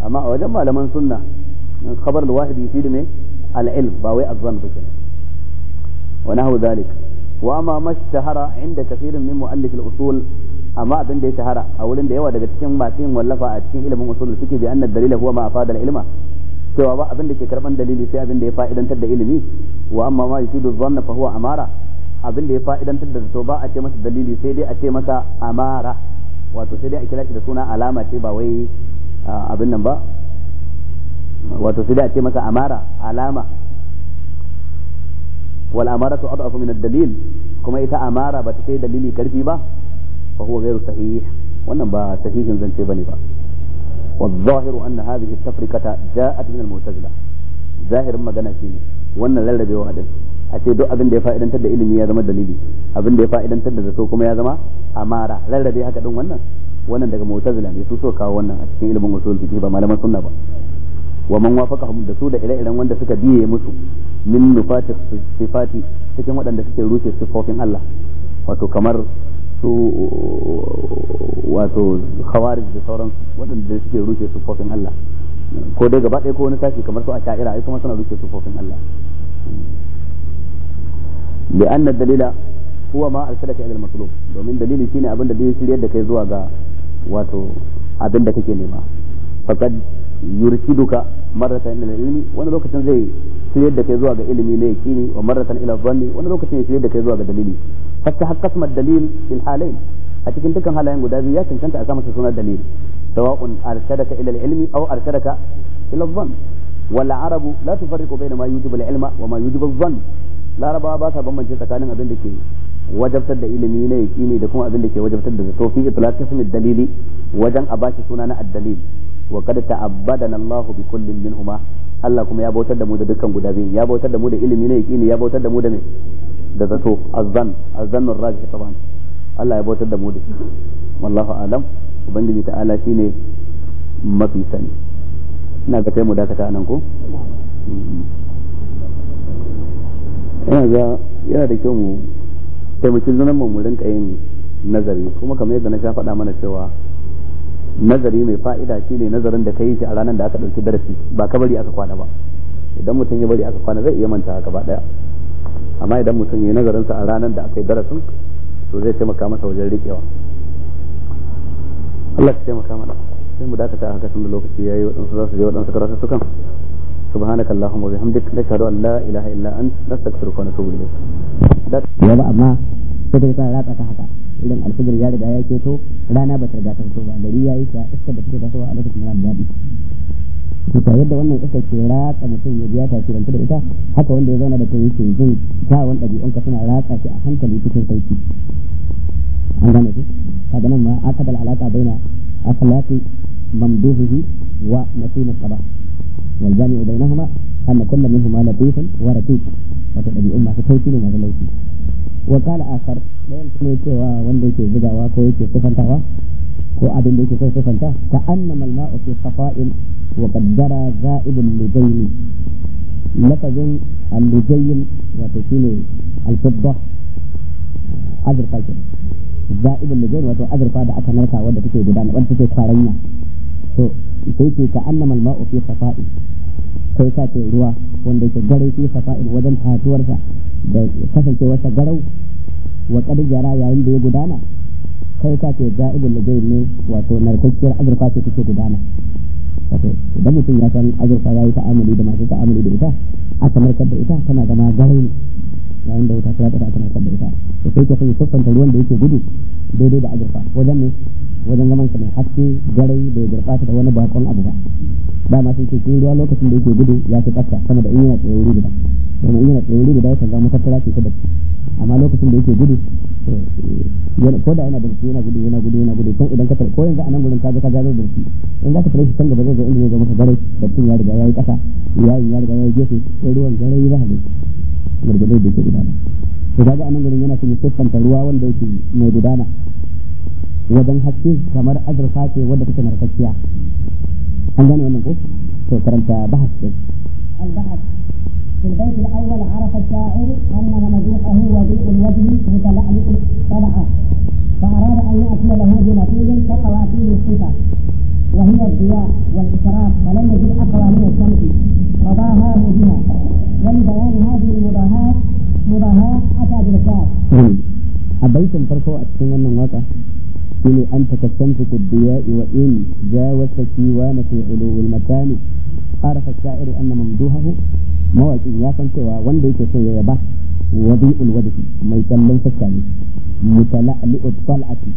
amma a wajen malaman sunna khabar al wahid yufidu me al-ilm ba wai az-zann ba kenan wa nahu dhalik wa amma mashtahara inda kafirin min mu'allif al-usul amma abin da ya tahara a wurin da yawa daga cikin masu yin wallafa a cikin ilimin usul fiqh bi anna ad-dalil huwa ma afada al-ilma cewa ba abin da ke karban dalili sai abin da ya fa'idantar da ilimi wa amma ma yusidu zanna fa huwa amara abin da ya fa'idantar da zato ba a ce masa dalili sai dai a ce masa amara wato sai dai a kira shi da suna alama ce ba wai abin nan ba wato sai dai a ce masa amara alama wal amara ta adafu min ad-dalil kuma ita amara ba ta kai dalili karfi ba fa huwa ghairu sahih wannan ba sahihin zance bane ba والظاهر أن هذه التفرقة جاءت من المعتزلة ظاهر ما جنا شيء wannan rarrabewa din a ce duk abin da ya fa'idantar da ilimi ya zama dalili abin da ya fa'idantar da zato kuma ya zama amara rarrabe haka din wannan wannan daga mu'tazila ne su so kawo wannan a cikin ilimin usul fiqh ba malaman sunna ba wa man wafaqahum da su da ire-iren wanda suka biye musu min nufati cikin waɗanda suke rushe sifofin Allah wato kamar su wato khawarij da sauran waɗanda suke rushe sufofin Allah ko dai gaba ɗaya ko wani sashi kamar su a sha'ira ai kuma suna rushe sufofin Allah bi anna dalila huwa ma arsalaka ila al-matlub domin dalili shine abin da zai shiryar da kai zuwa ga wato abin da kake nema faqad yurkiduka marratan ila ilmi wani lokacin zai shiryar da kai zuwa ga ilimi ne yaqini wa marratan ila dhanni wani lokacin ya shiryar da kai zuwa ga dalili fasta haqqasma dalil fil halayn a cikin dukkan halayen guda biyu ya cancanta a sa masa sunan dalil sawa'un arshadaka ila ilmi aw arshadaka ila dhann wal arabu la tufarriqu bayna ma yujibu al ilma wa ma yujibu dhann larabawa ba sa bambance tsakanin abin da ke wajabtar da ilimi na yaqini da kuma abin da ke wajabtar da zato fi itlaq ismi dalili wajen a bashi suna na ad-dalil wa qad ta'abbadana Allahu bi kullin minhuma Allah kuma ya bautar da mu da dukkan guda biyu ya bautar da mu da ilimi na yaqini ya bautar da mu da me da zato azzan azzanur rajih taban Allah ya bautar da mu da wallahu alam ubangiji ta'ala shine mafi sani ina ga kai mu dakata anan ko mm. ina ga yana da kyau mu taimaki zunan mu rinka yin nazari kuma kamar yadda na sha faɗa mana cewa nazari mai fa'ida shine nazarin da ka yi shi a ranar da aka ɗauki darasi ba ka bari aka kwana ba idan mutum ya bari aka kwana zai iya manta gaba daya amma idan mutum ya yi nazarinsa a ranar da aka yi darasin to zai taimaka masa wajen rikewa Allah ya taimaka mana sai mu dakata haka tun da lokaci yayi wadansu za su je wadansu karatu sukan سبحانك اللهم وبحمدك نشهد ان لا اله الا انت نستغفرك ونتوب اليك. يلا ما كده يبقى لا haka. Idan alfajir ya riga ya keto rana ba ta riga ta fito ba gari ya yi ta iska ba ta fito a lokacin da daɗi ta yadda wannan iska ke ratsa mutum ya biya ta kiranta da ita haka wanda ya zauna da kai yake jin dabi'un ka suna ratsa shi a hankali cikin sauki an gane ku kaga nan ma akada alaka baina akhlaqi mamduhihi wa nasim sabah wal jami'u bainahuma anna kullu minhuma latifun wa raqiq Wata ɗabi'un masu sauki ne ma lauki wa qala akhar bayan ne cewa wanda yake bugawa ko yake kufantawa ko abin da yake kai kufanta ka annama alma'u mau fi qafa'in wa qaddara za'ibul lujayn lafazin al-lujayn wato shine al-fidda azurfa ke za'ibul lujayn wato azurfa da aka narka wanda take gudana wanda take kwaranya to sai ke ka annama alma'u mau fi qafa'in sai ka ce ruwa wanda ke garau safa safa'in wajen tatuwarsa da kasancewarsa garau wa kadijara yayin da ya gudana kai ka ce za'ibul lajai ne wato narkakkiyar azurfa ce take gudana wato idan mutum ya san azurfa yayi ta'amuli da masu ta'amuli da ita a kamar kadda ita tana zama garau ne yayin da wuta ta tsaka tana kadda ita to sai ka san sassanta ruwan da yake gudu daidai da azurfa wajen ne wajen zaman sa mai haske garai da ya gurbata da wani bakon abu ba ma sun ce ruwa lokacin da yake gudu ya fi tsaka sama da in yana tsaye wuri guda kuma in yana tsaye wuri guda yakan zama tattara ce ta amma lokacin da yake gudu ko da yana da yana gudu yana gudu yana gudu kan idan ka tare ko yanzu a nan gurin ka ka gado da in za ka tare shi can gaba zai zo inda zai zo maka gare da tun ya riga ya yi ƙasa ya yi ya riga ya yi gefe sai ruwan gare ya zahale gargadai da ke gudana to kaga a nan gurin yana son ya siffanta ruwa wanda yake mai gudana wajen haske kamar azurfa ce wadda take narkakkiya عندنا gane wannan ko to karanta bahas في البيت الأول عرف الشاعر أن ممدوحه وضيء الوجه متلألئ طبعا فأراد أن يأتي له بنتيج فقوى فيه الصفة وهي الضياء والإشراق فلم يجد أقوى من الشمس فضاهاه بها ولبيان هذه المضاهاة مضاهاة أتى بالشاعر البيت أمم. الفرق أتكلم من واقع shine an takassantu biya'i wa in jawasa kiwana fi ulul makani arafa sha'iru anna mamduhahu mawaƙin ya san cewa wanda yake so ya yaba wadi'ul wajhi mai kallon fuska ne ali tal'ati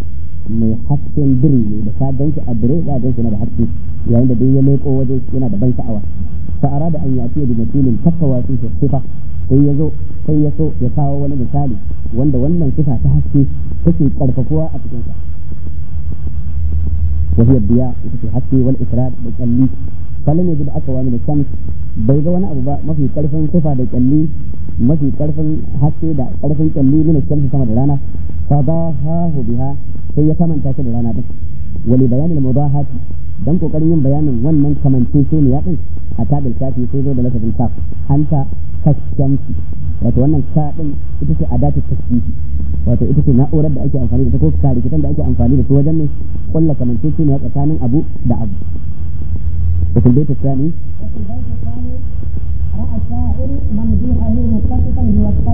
mai hasken biri ne da ka ganshi a dire za a ganshi na da haske yayin da dai ya leko waje yana da ban sha'awa fa arada an yati bi misalin takawa fi sifa sai ya zo sai ya so ya kawo wani misali wanda wannan sifa ta haske take karfafuwa a cikin sa وهي الضياء وفي حسي والإسرار بكالي فلم يجد أقوى من الشمس بيضا وانا أبو ما في كلفا كفا بكالي ما في كلفا حسي دا كلفا كالي من الشمس كما دلانا فضاهاه بها هي كما انتاك دلانا بك ولبيان المضاهات dan kokarin yin bayanin wannan kamanceceniya din a tabil kafi sai zo da lafazin kaf hanta kaskanci wato wannan kaɗin ita ce adatu tasbihi wato ita ce na'urar da ake amfani da ta ko karikitan da ake amfani da su wajen ne kulla kamantacce ne tsakanin abu da abu وفي البيت الثاني وفي البيت الثاني رأى الشاعر ممدوحه متصفا بوصفه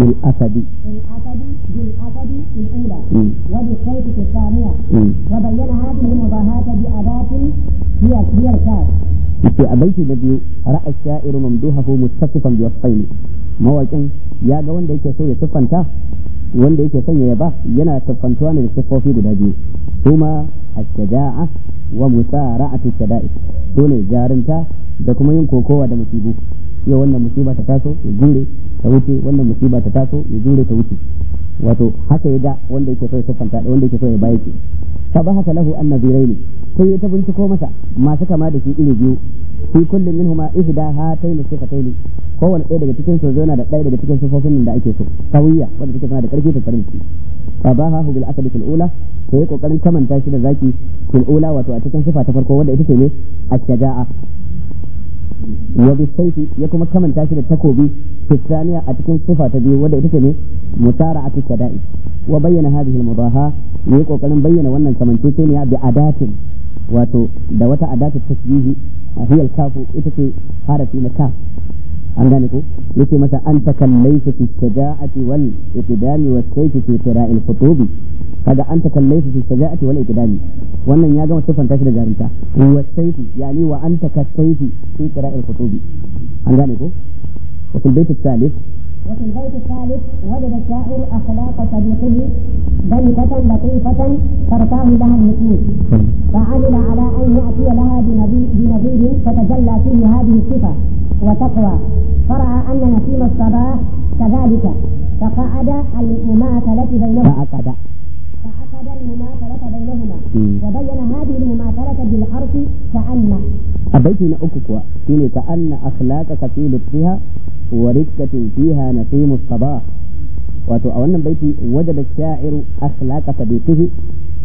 بالأسد بالأسد بالأسد الأولى وبالخيط الثانية وبين هذه المباهات بأداة هي كبير كاس في أبيت الذي رأى الشاعر ممدوحه متصفا بوصفين ما وجن يا جوان ديك سوي صفن تا وان ديك سوي يبا ينا صفن توان في بداجي ثم الشجاعة ومسارعة الشدائد توني جارن تا دكما ينكو كوا yau wannan musiba ta taso ya jure ta wuce wannan musiba ta taso ya jure ta wuce wato haka ya ga wanda yake so ya siffanta da wanda yake so ya baya ki fa ba haka lahu annaziraini sai ya ta ko masa masu kama da shi iri biyu fi kullum minhuma ihda hatayn sifatayn kowanne ɗaya daga cikin su yana da ɗaya daga cikin nan da ake so kawiya wanda take tana da ƙarfi ta tsarin fa ba hahu bil akadi fil ula to yi kokarin kamanta shi da zaki fil ula wato a cikin sifa ta farko wanda ita ce ne a shaja'a wa bi ya kuma kamanta shi da takobi fisaniya a cikin sufa ta biyu wadda ita ce ne musara cikin dai wa bayyana hadhihi al-mudaha ne kokarin bayyana wannan ne bi adatin wato da wata adatu tasbihi a hiyal kafu ita ce harafi na kaf an gane ko yace mata an takallaita fi shaja'ati wal iqdami wa sayfi fi qira'il khutubi kaga an takallaita fi shaja'ati wal iqdami wannan ya gama sifanta shi da jarinta wa sayfi yani wa an takallaita fi qira'il khutubi an gane ko وفي البيت الثالث وفي البيت الثالث وجد الشاعر اخلاق صديقه بنكة لطيفة ترتاه لها النفوس فعمل على ان ياتي لها بنذير تتجلى فيه هذه الصفة وتقوى فرأى ان نسيم الصباح كذلك فقعد المماثلة بينهما فحسب المماثلة بينهما وبين هذه المماثلة بالحرف كأن أبيت نأكك كيني كأن أخلاقك في لطفها ورفقة فيها نسيم الصباح wato a wannan baiti wajen da sha'iru akhlaqa sadiqihi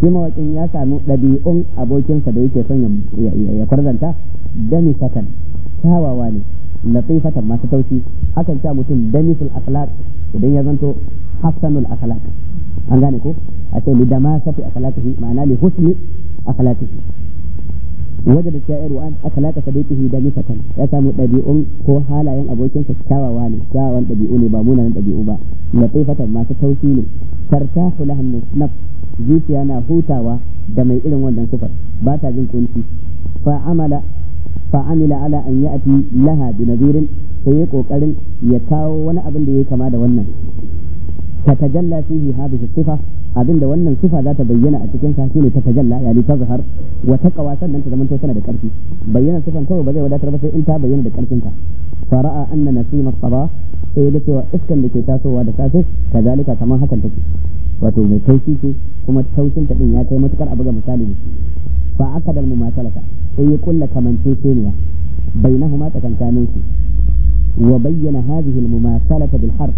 shi mawakin ya samu ɗabi'un abokinsa da yake son ya farzanta dani sakan kyawawa ne latifatan masu taushi akan sa mutum danisul akhlaq idan ya zanto hasanul akhlaq an gane ko a ce li damasati akhlatihi ma'ana li husni akhlatihi wajada sha'ir wa akhlata sadiqihi da misatan ya samu dabi'un ko halayen abokin sa kyawawa ne kyawawan dabi'u ne ba munanan dabi'u ba latifatan masu tausi ne tartahu lahan nafs zuciya na hutawa da mai irin wannan sufar ba ta jin kunci fa amala فعمل على أن يأتي لها بنذير sai ya kokarin ya kawo wani abin da ya kama da wannan tatajalla fihi hadhihi sifa abinda wannan sifa za ta bayyana a cikin sa shine tatajalla yani tazhar wa taqwa sannan ta zamanto tana da karfi bayyana sifan kawai ba zai wadatar ba sai in ta bayyana da karfin ta fara'a anna nasima qada sai da cewa iskan da ke tasowa da safe kazalika kamar hakan take wato mai taushi ce kuma taushin ta din ya kai matukar a buga misali ne fa akada al mumasalata sai ya kulla kamanceceniya bainahuma tsakankanin su wa bayyana hadhihi al mumasalata bil harf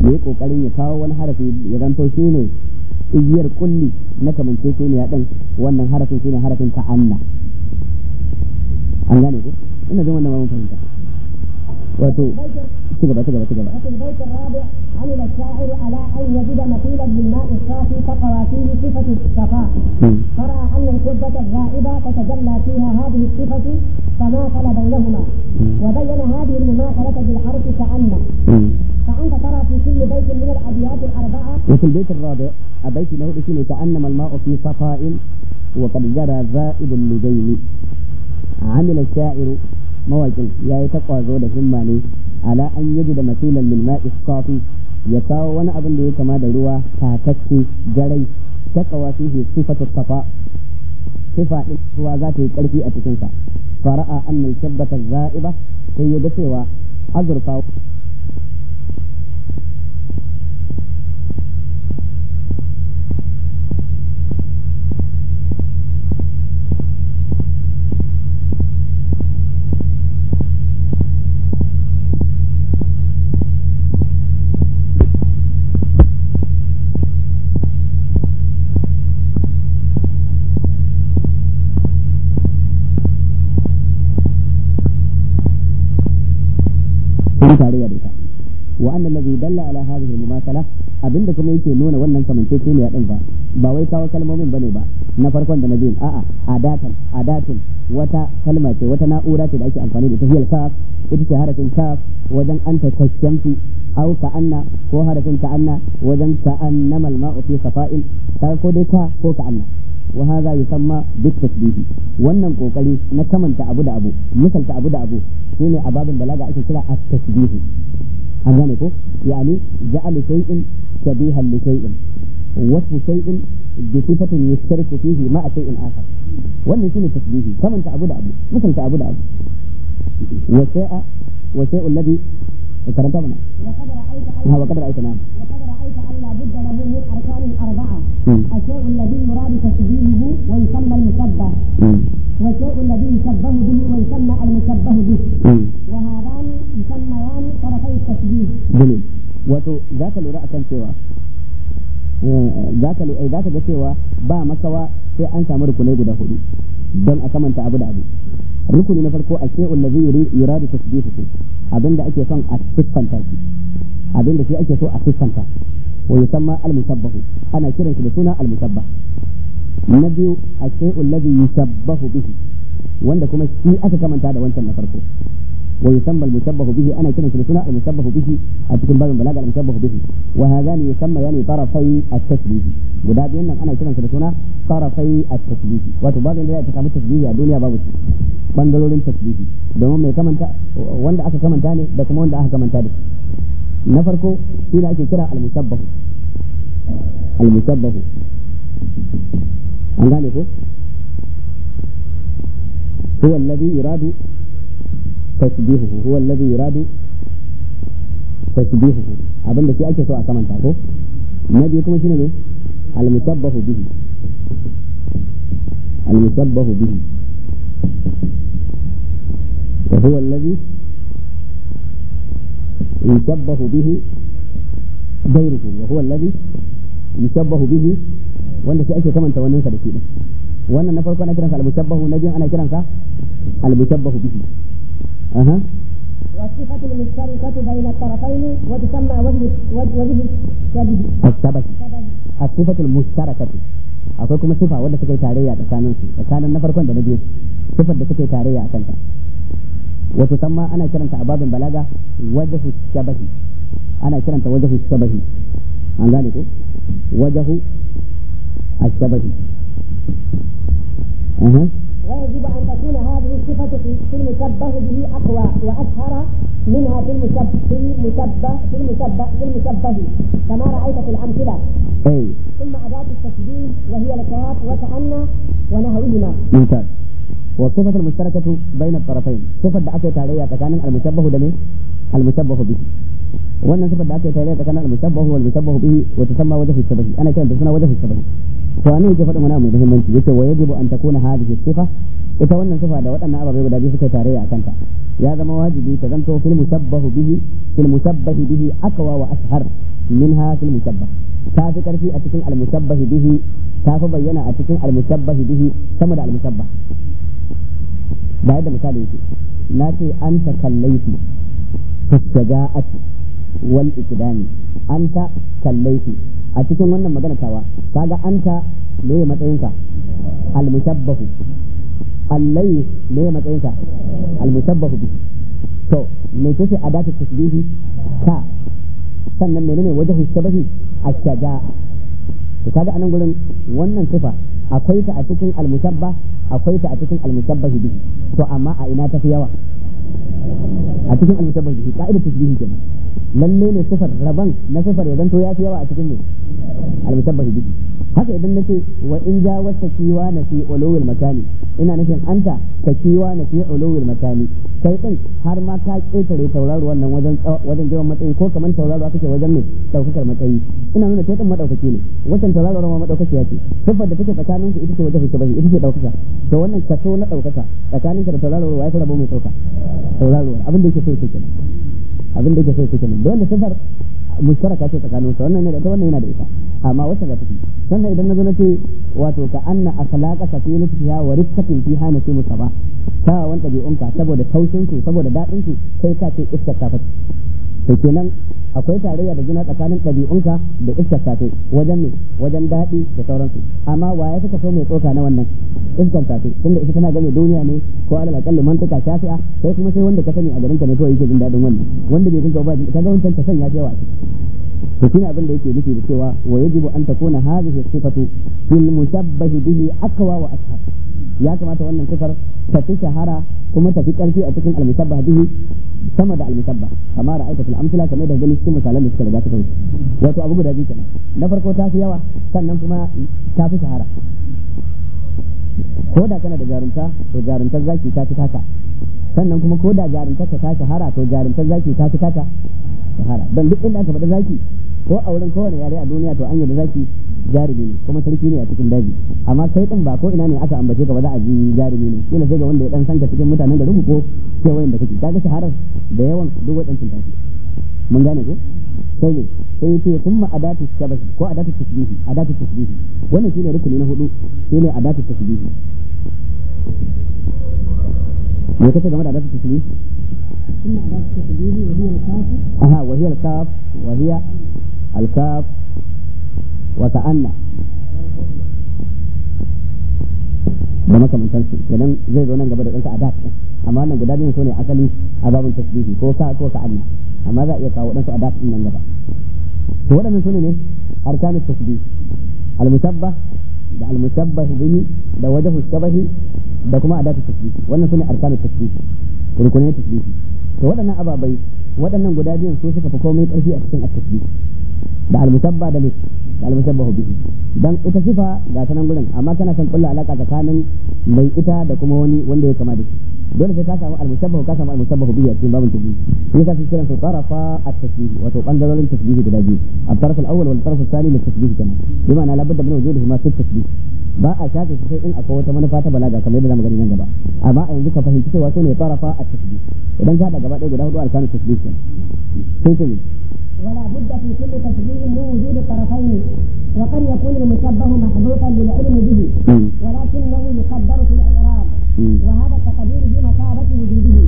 da ya kokarin ya kawo wani harafi ya zanto shi ne igiyar kulli na kamance shi ne ɗin wannan harafin shi ne harafin ta anna an gane ko ina jin wannan mamun fahimta wato ci gaba ci gaba ci gaba عمل الشاعر على ان يجد مثيلا للماء الصافي كقواسيم صفه الصفاء فرأى ان القبة الغائبة تتجلى فيها هذه الصفة تماثل بينهما وبين هذه المماثلة بالحرف كأن فأنت ترى في كل بيت من الأبيات الأربعة وفي البيت الرابع أبيت له اسمه كأنما الماء في صفاء وقد جرى ذائب اللذين عمل الشاعر موكل يا يتقوى زود همالي على أن يجد مثيلا للماء الصافي يساو وانا أظن له كما دلوا تاتكي جري تقوى فيه صفة الصفاء صفة الصفاء ذاته كالفي أتكنسا fara'a annal shabbata ba sai ya ga cewa azurfa wa anna allazi dalla ala hadhihi al-mumathala abinda kuma yake nuna wannan kamanceceniya din ba ba wai kawo kalmomin bane ba na farkon da na biyun a'a adatan adatun wata kalma ce wata na'ura ce da ake amfani da ta hiyar kaf ita ce harafin kaf wajen an ta kaskantu au ka ko harafin ka anna wajen ka anna malma'u fi safa'in ta ko dai ka ko ka anna wa hadha yusamma bit tasbihi wannan kokari na kamanta abu da abu misalta abu da abu shine a babin balaga ake kira at-tasbihi أمامك يعني جعل شيء شبيها لشيء وصف شيء بصفة يشترك فيه مع شيء آخر واللي شنو تشبيهه كمن تعبد أبو مثل تعبد أبو وشاء وشاء الذي وقد رأيت نعم، وقد رأيت نعم وقد رأيت أن لا بد له من أركان أربعة نعم. الشيء الذي مراد تشبيهه ويسمى المشبه نعم. والشيء الذي يشبه به ويسمى المشبه به وهذان يسميان wato za ka lura akan cewa eh, za ka eh, za ga cewa ba makawa sai an samu rukunai guda hudu don a kamanta abu da abu rukuni na farko a shi'un lazi yuradu tasbihu abinda ake son a siffanta shi abinda shi ake so a siffanta wa yusamma al-musabbahu ana kiran shi da suna al-musabbah na biyu a shi'un lazi yusabbahu bihi wanda kuma shi aka kamanta da wancan na farko ويسمى المشبه به انا كنا سنة المشبه به اتكون باب البلاغه المشبه به وهذان يسمى يعني طرفي التشبيه وده بين انا كنا سنة طرفي التشبيه wato babu inda za a cika mu tasbihi a duniya babu shi bangalolin tasbihi domin mai kamanta wanda aka kamanta ne da kuma wanda aka kamanta da na farko shi ne kira al-musabbahu al an gane ko tasbihuhu huwa alladhi yuradu tasbihuhu abinda shi ake so a kamanta ko na biyu kuma shine ne al musabbahu bihi al musabbahu bihi wa huwa alladhi يشبه به غيره وهو الذي يشبه به wanda sai ake kamanta wannan sa da shi wannan na farko ana kiransa al na biyu ana kiransa al bihi أها والصفة المشتركة بين الطرفين وتسمى وجه وجه الصفة المشتركة akwai kuma sufa wadda suke tarayya tsakanin su tsakanin na farkon da na biyu sifar da suke tarayya a kanta wato samma ana kiranta a balaga wajhu shabahi ana kiranta wajhu shabahi an gane ko wajhu ashabahi uh -huh. يجب أن تكون هذه الصفة في المشبه به أقوى وأشهر منها في المشبه في المشبه في المشبه في المشبه كما رأيت في الأمثلة. أي. ثم أداة التشبيه وهي لكات وكأن ونهوهما. ممتاز. والصفة المشتركة بين الطرفين، صفة دعته عليها فكان المشبه دمه المشبه به. wannan sifar da aka yi tarayya tsakanin al-mushabbahu wal mushabbahu bihi wa tusamma wajhu shabahi ana kiranta suna wajhu shabahi to anan yake faɗin wani abu mai muhimmanci yace wa yajibu an takuna hadhihi sifa ita wannan sifa da waɗannan ababai guda biyu suka tare a kanta ya zama wajibi ta zanto fil mushabbahu bihi fil mushabbahi bihi akwa wa ashhar minha fil mushabbah ta fi karfi a cikin al-mushabbahi bihi ta fi bayyana a cikin al-mushabbahi bihi sama da al-mushabbah ba yadda misali yake na ce an takallaitu fi shaja'ati wal ikdami anta kallaitu a cikin wannan magana tawa kaga anta me matsayinka al mushabbahu allai me matsayinka al mushabbahu bi to me kace adatu tasbihi ka sannan menene wajhu shabahi ashaja to kaga anan gurin wannan sifa akwai ta a cikin al mushabba akwai ta a cikin al mushabbahi bi to amma a ina tafi yawa a cikin al mushabbahi bi ka'idatu tasbihi kenan lalle ne sifar rabon na sifar ya zanto ya fi yawa a cikin ne al-musabbahi haka idan nace wa in ja wata kiwa na fi ulul makani ina nufin anta ka kiwa na fi ulul makani sai din har ma ka ketare tauraro wannan wajen wajen jiwon matsayi ko kaman tauraro ce wajen ne daukakar matsayi ina nuna sai din madaukaki ne wannan tauraro ma madaukakiya yake siffar da take tsakanin ku ita ce wajen hukuma ita ce daukaka to wannan kaso na daukaka tsakanin ka da tauraro wai fara mai sauka tauraro abin da yake so kenan abin da yake so kenan dole sifar musharaka ce tsakanin su wannan ne da wannan yana da ita amma wacce da take sannan idan nazo nace wato ka anna akhlaqa safinu fiha wa rizqatin na ce musaba ta wanda bai umka saboda taushin su saboda dadin su sai ka ce iskar ta fata to kenan akwai tarayya da juna tsakanin ɗabi'unka da iskar safe wajen wajen daɗi da sauransu amma waye suka so mai tsoka na wannan iskar safe tunda ita tana game duniya ne ko alal akalli mantaka shafi'a sai kuma sai wanda ka sani a garinka ne kawai yake jin daɗin wannan wanda bai ganka ba ka ga wancan ta sanya cewa to shine abin da yake nufi da cewa wa yajibu an takuna hadhihi sifatu fil mushabbah bihi akwa wa ashab ya kamata wannan sifar ta fi shahara kuma tafi karfi a cikin al bihi sama da al-musabbah kama ra'aita fil amsala kamar da gani cikin misalan da suka riga suka wuce wato abu guda biyu kenan na farko ta fi yawa sannan kuma ta fi shahara ko da kana da jarumta to jarumtar zaki ta fi taka sannan kuma ko da jarumtar ka ta shahara to jarumtar zaki ta fi taka shahara don duk inda aka faɗi zaki ko a wurin kowane yare a duniya to an yi da zaki jarumi ne kuma sarki ne a cikin daji amma kai din ba ko ina ne aka ambace ka ba za a ji jarumi ne kila sai ga wanda ya dan sanka cikin mutanen garin ko wayan da kake kaga shaharar da yawan duk wadancin tafi mun gane ko sai ne sai yace kuma adatu shabahi ko adatu tasbihi adatu tasbihi wannan shine rukuni na hudu shine adatu tasbihi me kace game da adatu tasbihi ثم أداة التسبيح وهي الكاف أها وهي الكاف al-kaf وكأن da makamantan su kenan zai zo nan gaba da ɗansa a dat amma wannan guda biyun sune asali a babin tasbihi ko ka ko ka anna amma za a iya kawo ɗansu a dat nan gaba to waɗannan sune ne arkanut tasbihi al-musabbah da al-musabbah bihi da wajhu shabahi da kuma adatu tasbihi wannan sune arkanut tasbihi rukunin tasbihi to waɗannan ababai waɗannan guda biyun su suka fi komai ƙarfi a cikin at da al-mushabba da da al-mushabbahu bihi dan ita sifa ga ta nan gurin amma kana san kullu alaka tsakanin mai ita da kuma wani wanda ya kama da shi dole sai ka samu al-mushabbahu ka samu al-mushabbahu bihi a cikin babin tasbih sai ka kiran su tarafa at-tasbih wato bangarorin tasbih guda biyu at-taraf al-awwal wal taraf al-thani li tasbih kana bima na labudda min wujudihima fi tasbih ba a shafe su sai in akwai wata manufa ta balaga kamar yadda zamu gani nan gaba amma a yanzu ka fahimci cewa ne tarafa at-tasbih idan ka da gaba ɗaya guda hudu alkanu tasbih kenan sai ولا بد في كل تشبيه من وجود الطرفين وقد يكون المشبه محبوطا للعلم به ولكنه يقدر في الاعراب وهذا التقدير بمثابه وجوده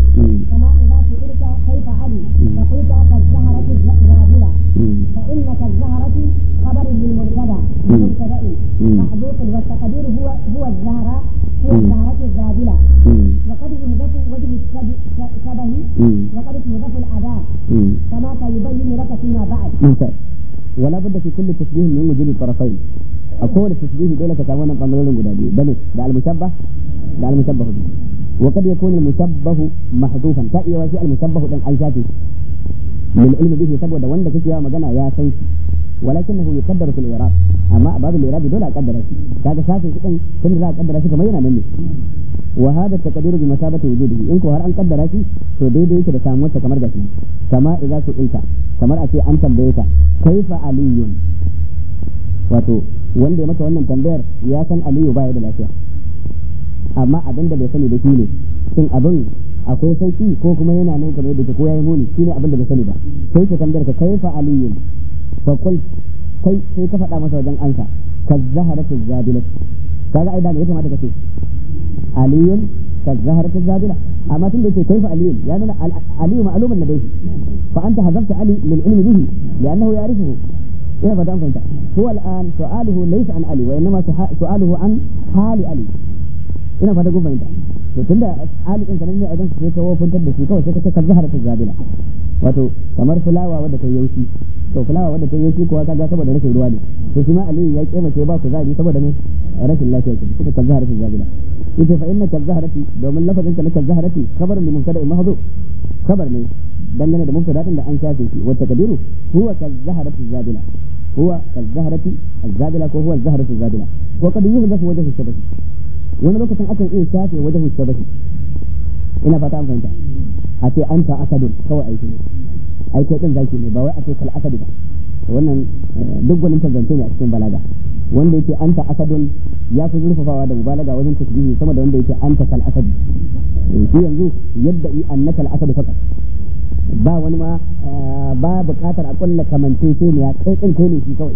كما اذا سئلت كيف علي فقلت قد فإن كالزهرة خبر للمرتدى مبتدأ محذوف والتقدير هو هو الزهرة هو الزهرة الزابلة وقد يضاف وجه الشبه وقد يضاف الأداء كما سيبين لك فيما بعد ممتاز ولا بد في كل تشبيه من وجود الطرفين أقول التشبيه دولة كمان قمرين قدادي بل ده المشبه ده المشبه به وقد يكون المشبه محذوفا فأي وشيء المشبه أن أنشاته lil ilmi bihi saboda wanda kake yawa magana ya san shi walakinahu yuqaddaru fil i'rab amma babu babin i'rab dole a kaddara shi kaga shafin kudin tun za a kaddara shi kamar yana nan ne wa hada taqdiru bi masabati wujudihi in ko har an kaddara shi to daidai yake da samuwar sa kamar gashi kama idza su'ilta kamar a ce an tambaye ka kaifa aliyun wato wanda ya maka wannan tambayar ya san aliyu baya da lafiya amma abin da bai sani da shi ne shin abin akwai sauki ko kuma yana nan kamar yadda ko yayi muni shine abin da bai sani ba sai ka tambayar ka kaifa aliyun fa kul kai sai ka faɗa masa wajen ansa ka zaharatu zabila kaga ai da ne kamata kace aliyun ka zaharatu zabila amma tun da yake kaifa aliyun ya nuna aliyu ma'lumun ladayhi fa anta hazafta ali lil ilmi bihi li'annahu ya'rifuhu ina ba dan fahimta huwa al'an su'aluhu laysa an ali wa innama su'aluhu an hali ali ina fata kun fahimta to tun tunda alikin sanan ne a wajen su ta wofuntar da shi kawai sai ka zahara ta zabila wato kamar fulawa wadda ta yaushi to fulawa wadda ta yaushi kuwa kaga saboda rashin ruwa ne to shi ma aliyu ya kema ba ku zabi saboda ne rashin lafiya ce suka kan kaza harkar zabila yace fa inna kazaharati domin lafazin ka na kazaharati khabar li mubtada mahdhu kabar ne dangane da mubtada'in da an shafe shi wa takdiru huwa kazaharati zabila huwa ta zabila ko huwa zaharatu zabila wa qad yuhdafu wajhu shabaki wani lokacin akan iya shafe wajen hushabahi ina fata an fahimta a ce an ta asadun kawai aiki ne aiki ɗin zaki ne ba wai a ce kal asadu ba wannan eh, duk wani tangance ne a cikin balaga wanda yake an ta asadun ya fi zurfafawa da mubalaga wajen tasbihi sama da wanda yake an ta kal asadu eh, shi yanzu yadda i annaka al asadu fakat ba wani ma eh, ba bukatar a kulla kamance ko ne ya kai kai ne shi kawai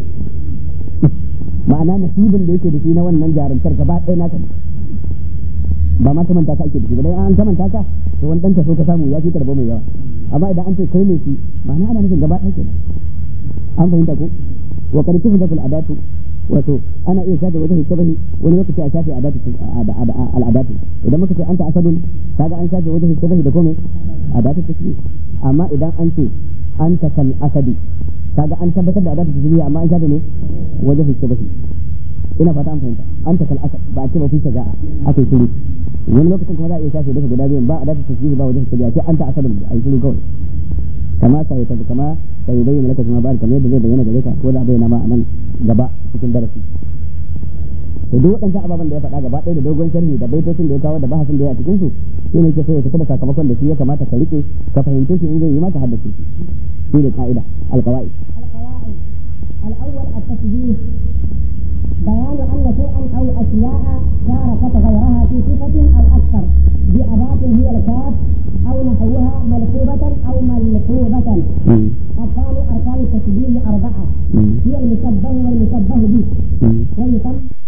ma'ana nasibin da yake da shi na wannan jarumtar gaba ɗaya naka ne ba ma manta ka ake da shi ba dai an manta ka to wani ɗan so ka samu ya fi karbo mai yawa amma idan an ce kai ne shi ma'ana ana nufin gaba ɗaya kenan an fahimta ko wa karfi da adatu wato ana iya shafe wajen shabahi wani lokaci a shafe al'adatu idan muka ce anta asadun kaga an shafe wajen shabahi da kome adatu take amma idan an ce an ta kan asadi kaga an tabbatar da adatu ta shi amma an shafe ne wajen shabahi ina fata an fahimta an ta kan asad ba a ce ba fi shaja'a akai shiru wani lokacin kuma za a iya shafe duka guda biyun ba adatu ta take ba wajen shabahi sai anta asadun ai shiru kawai kama yi ta kama yi bayyana laka kuma ba'd kamar yadda zai bayyana gare ka ko da bayyana ma nan gaba cikin darasi to duk waɗansu ababen da ya faɗa gaba ɗaya da dogon sharhi da baitocin da ya kawo da bahasin da ya a cikin su shi ne ke so ya fita da sakamakon da shi ya kamata ka rike ka fahimce shi in zai yi maka haddace shi ne ka'ida alqawaid بيان أن شيئا أو أشياء شاركت غيرها في صفة أو أكثر بأداة هي الكاف أو نحوها ملحوبة أو ملحوبة أركان أركان التشبيه أربعة هي المشبه والمشبه به ويسمى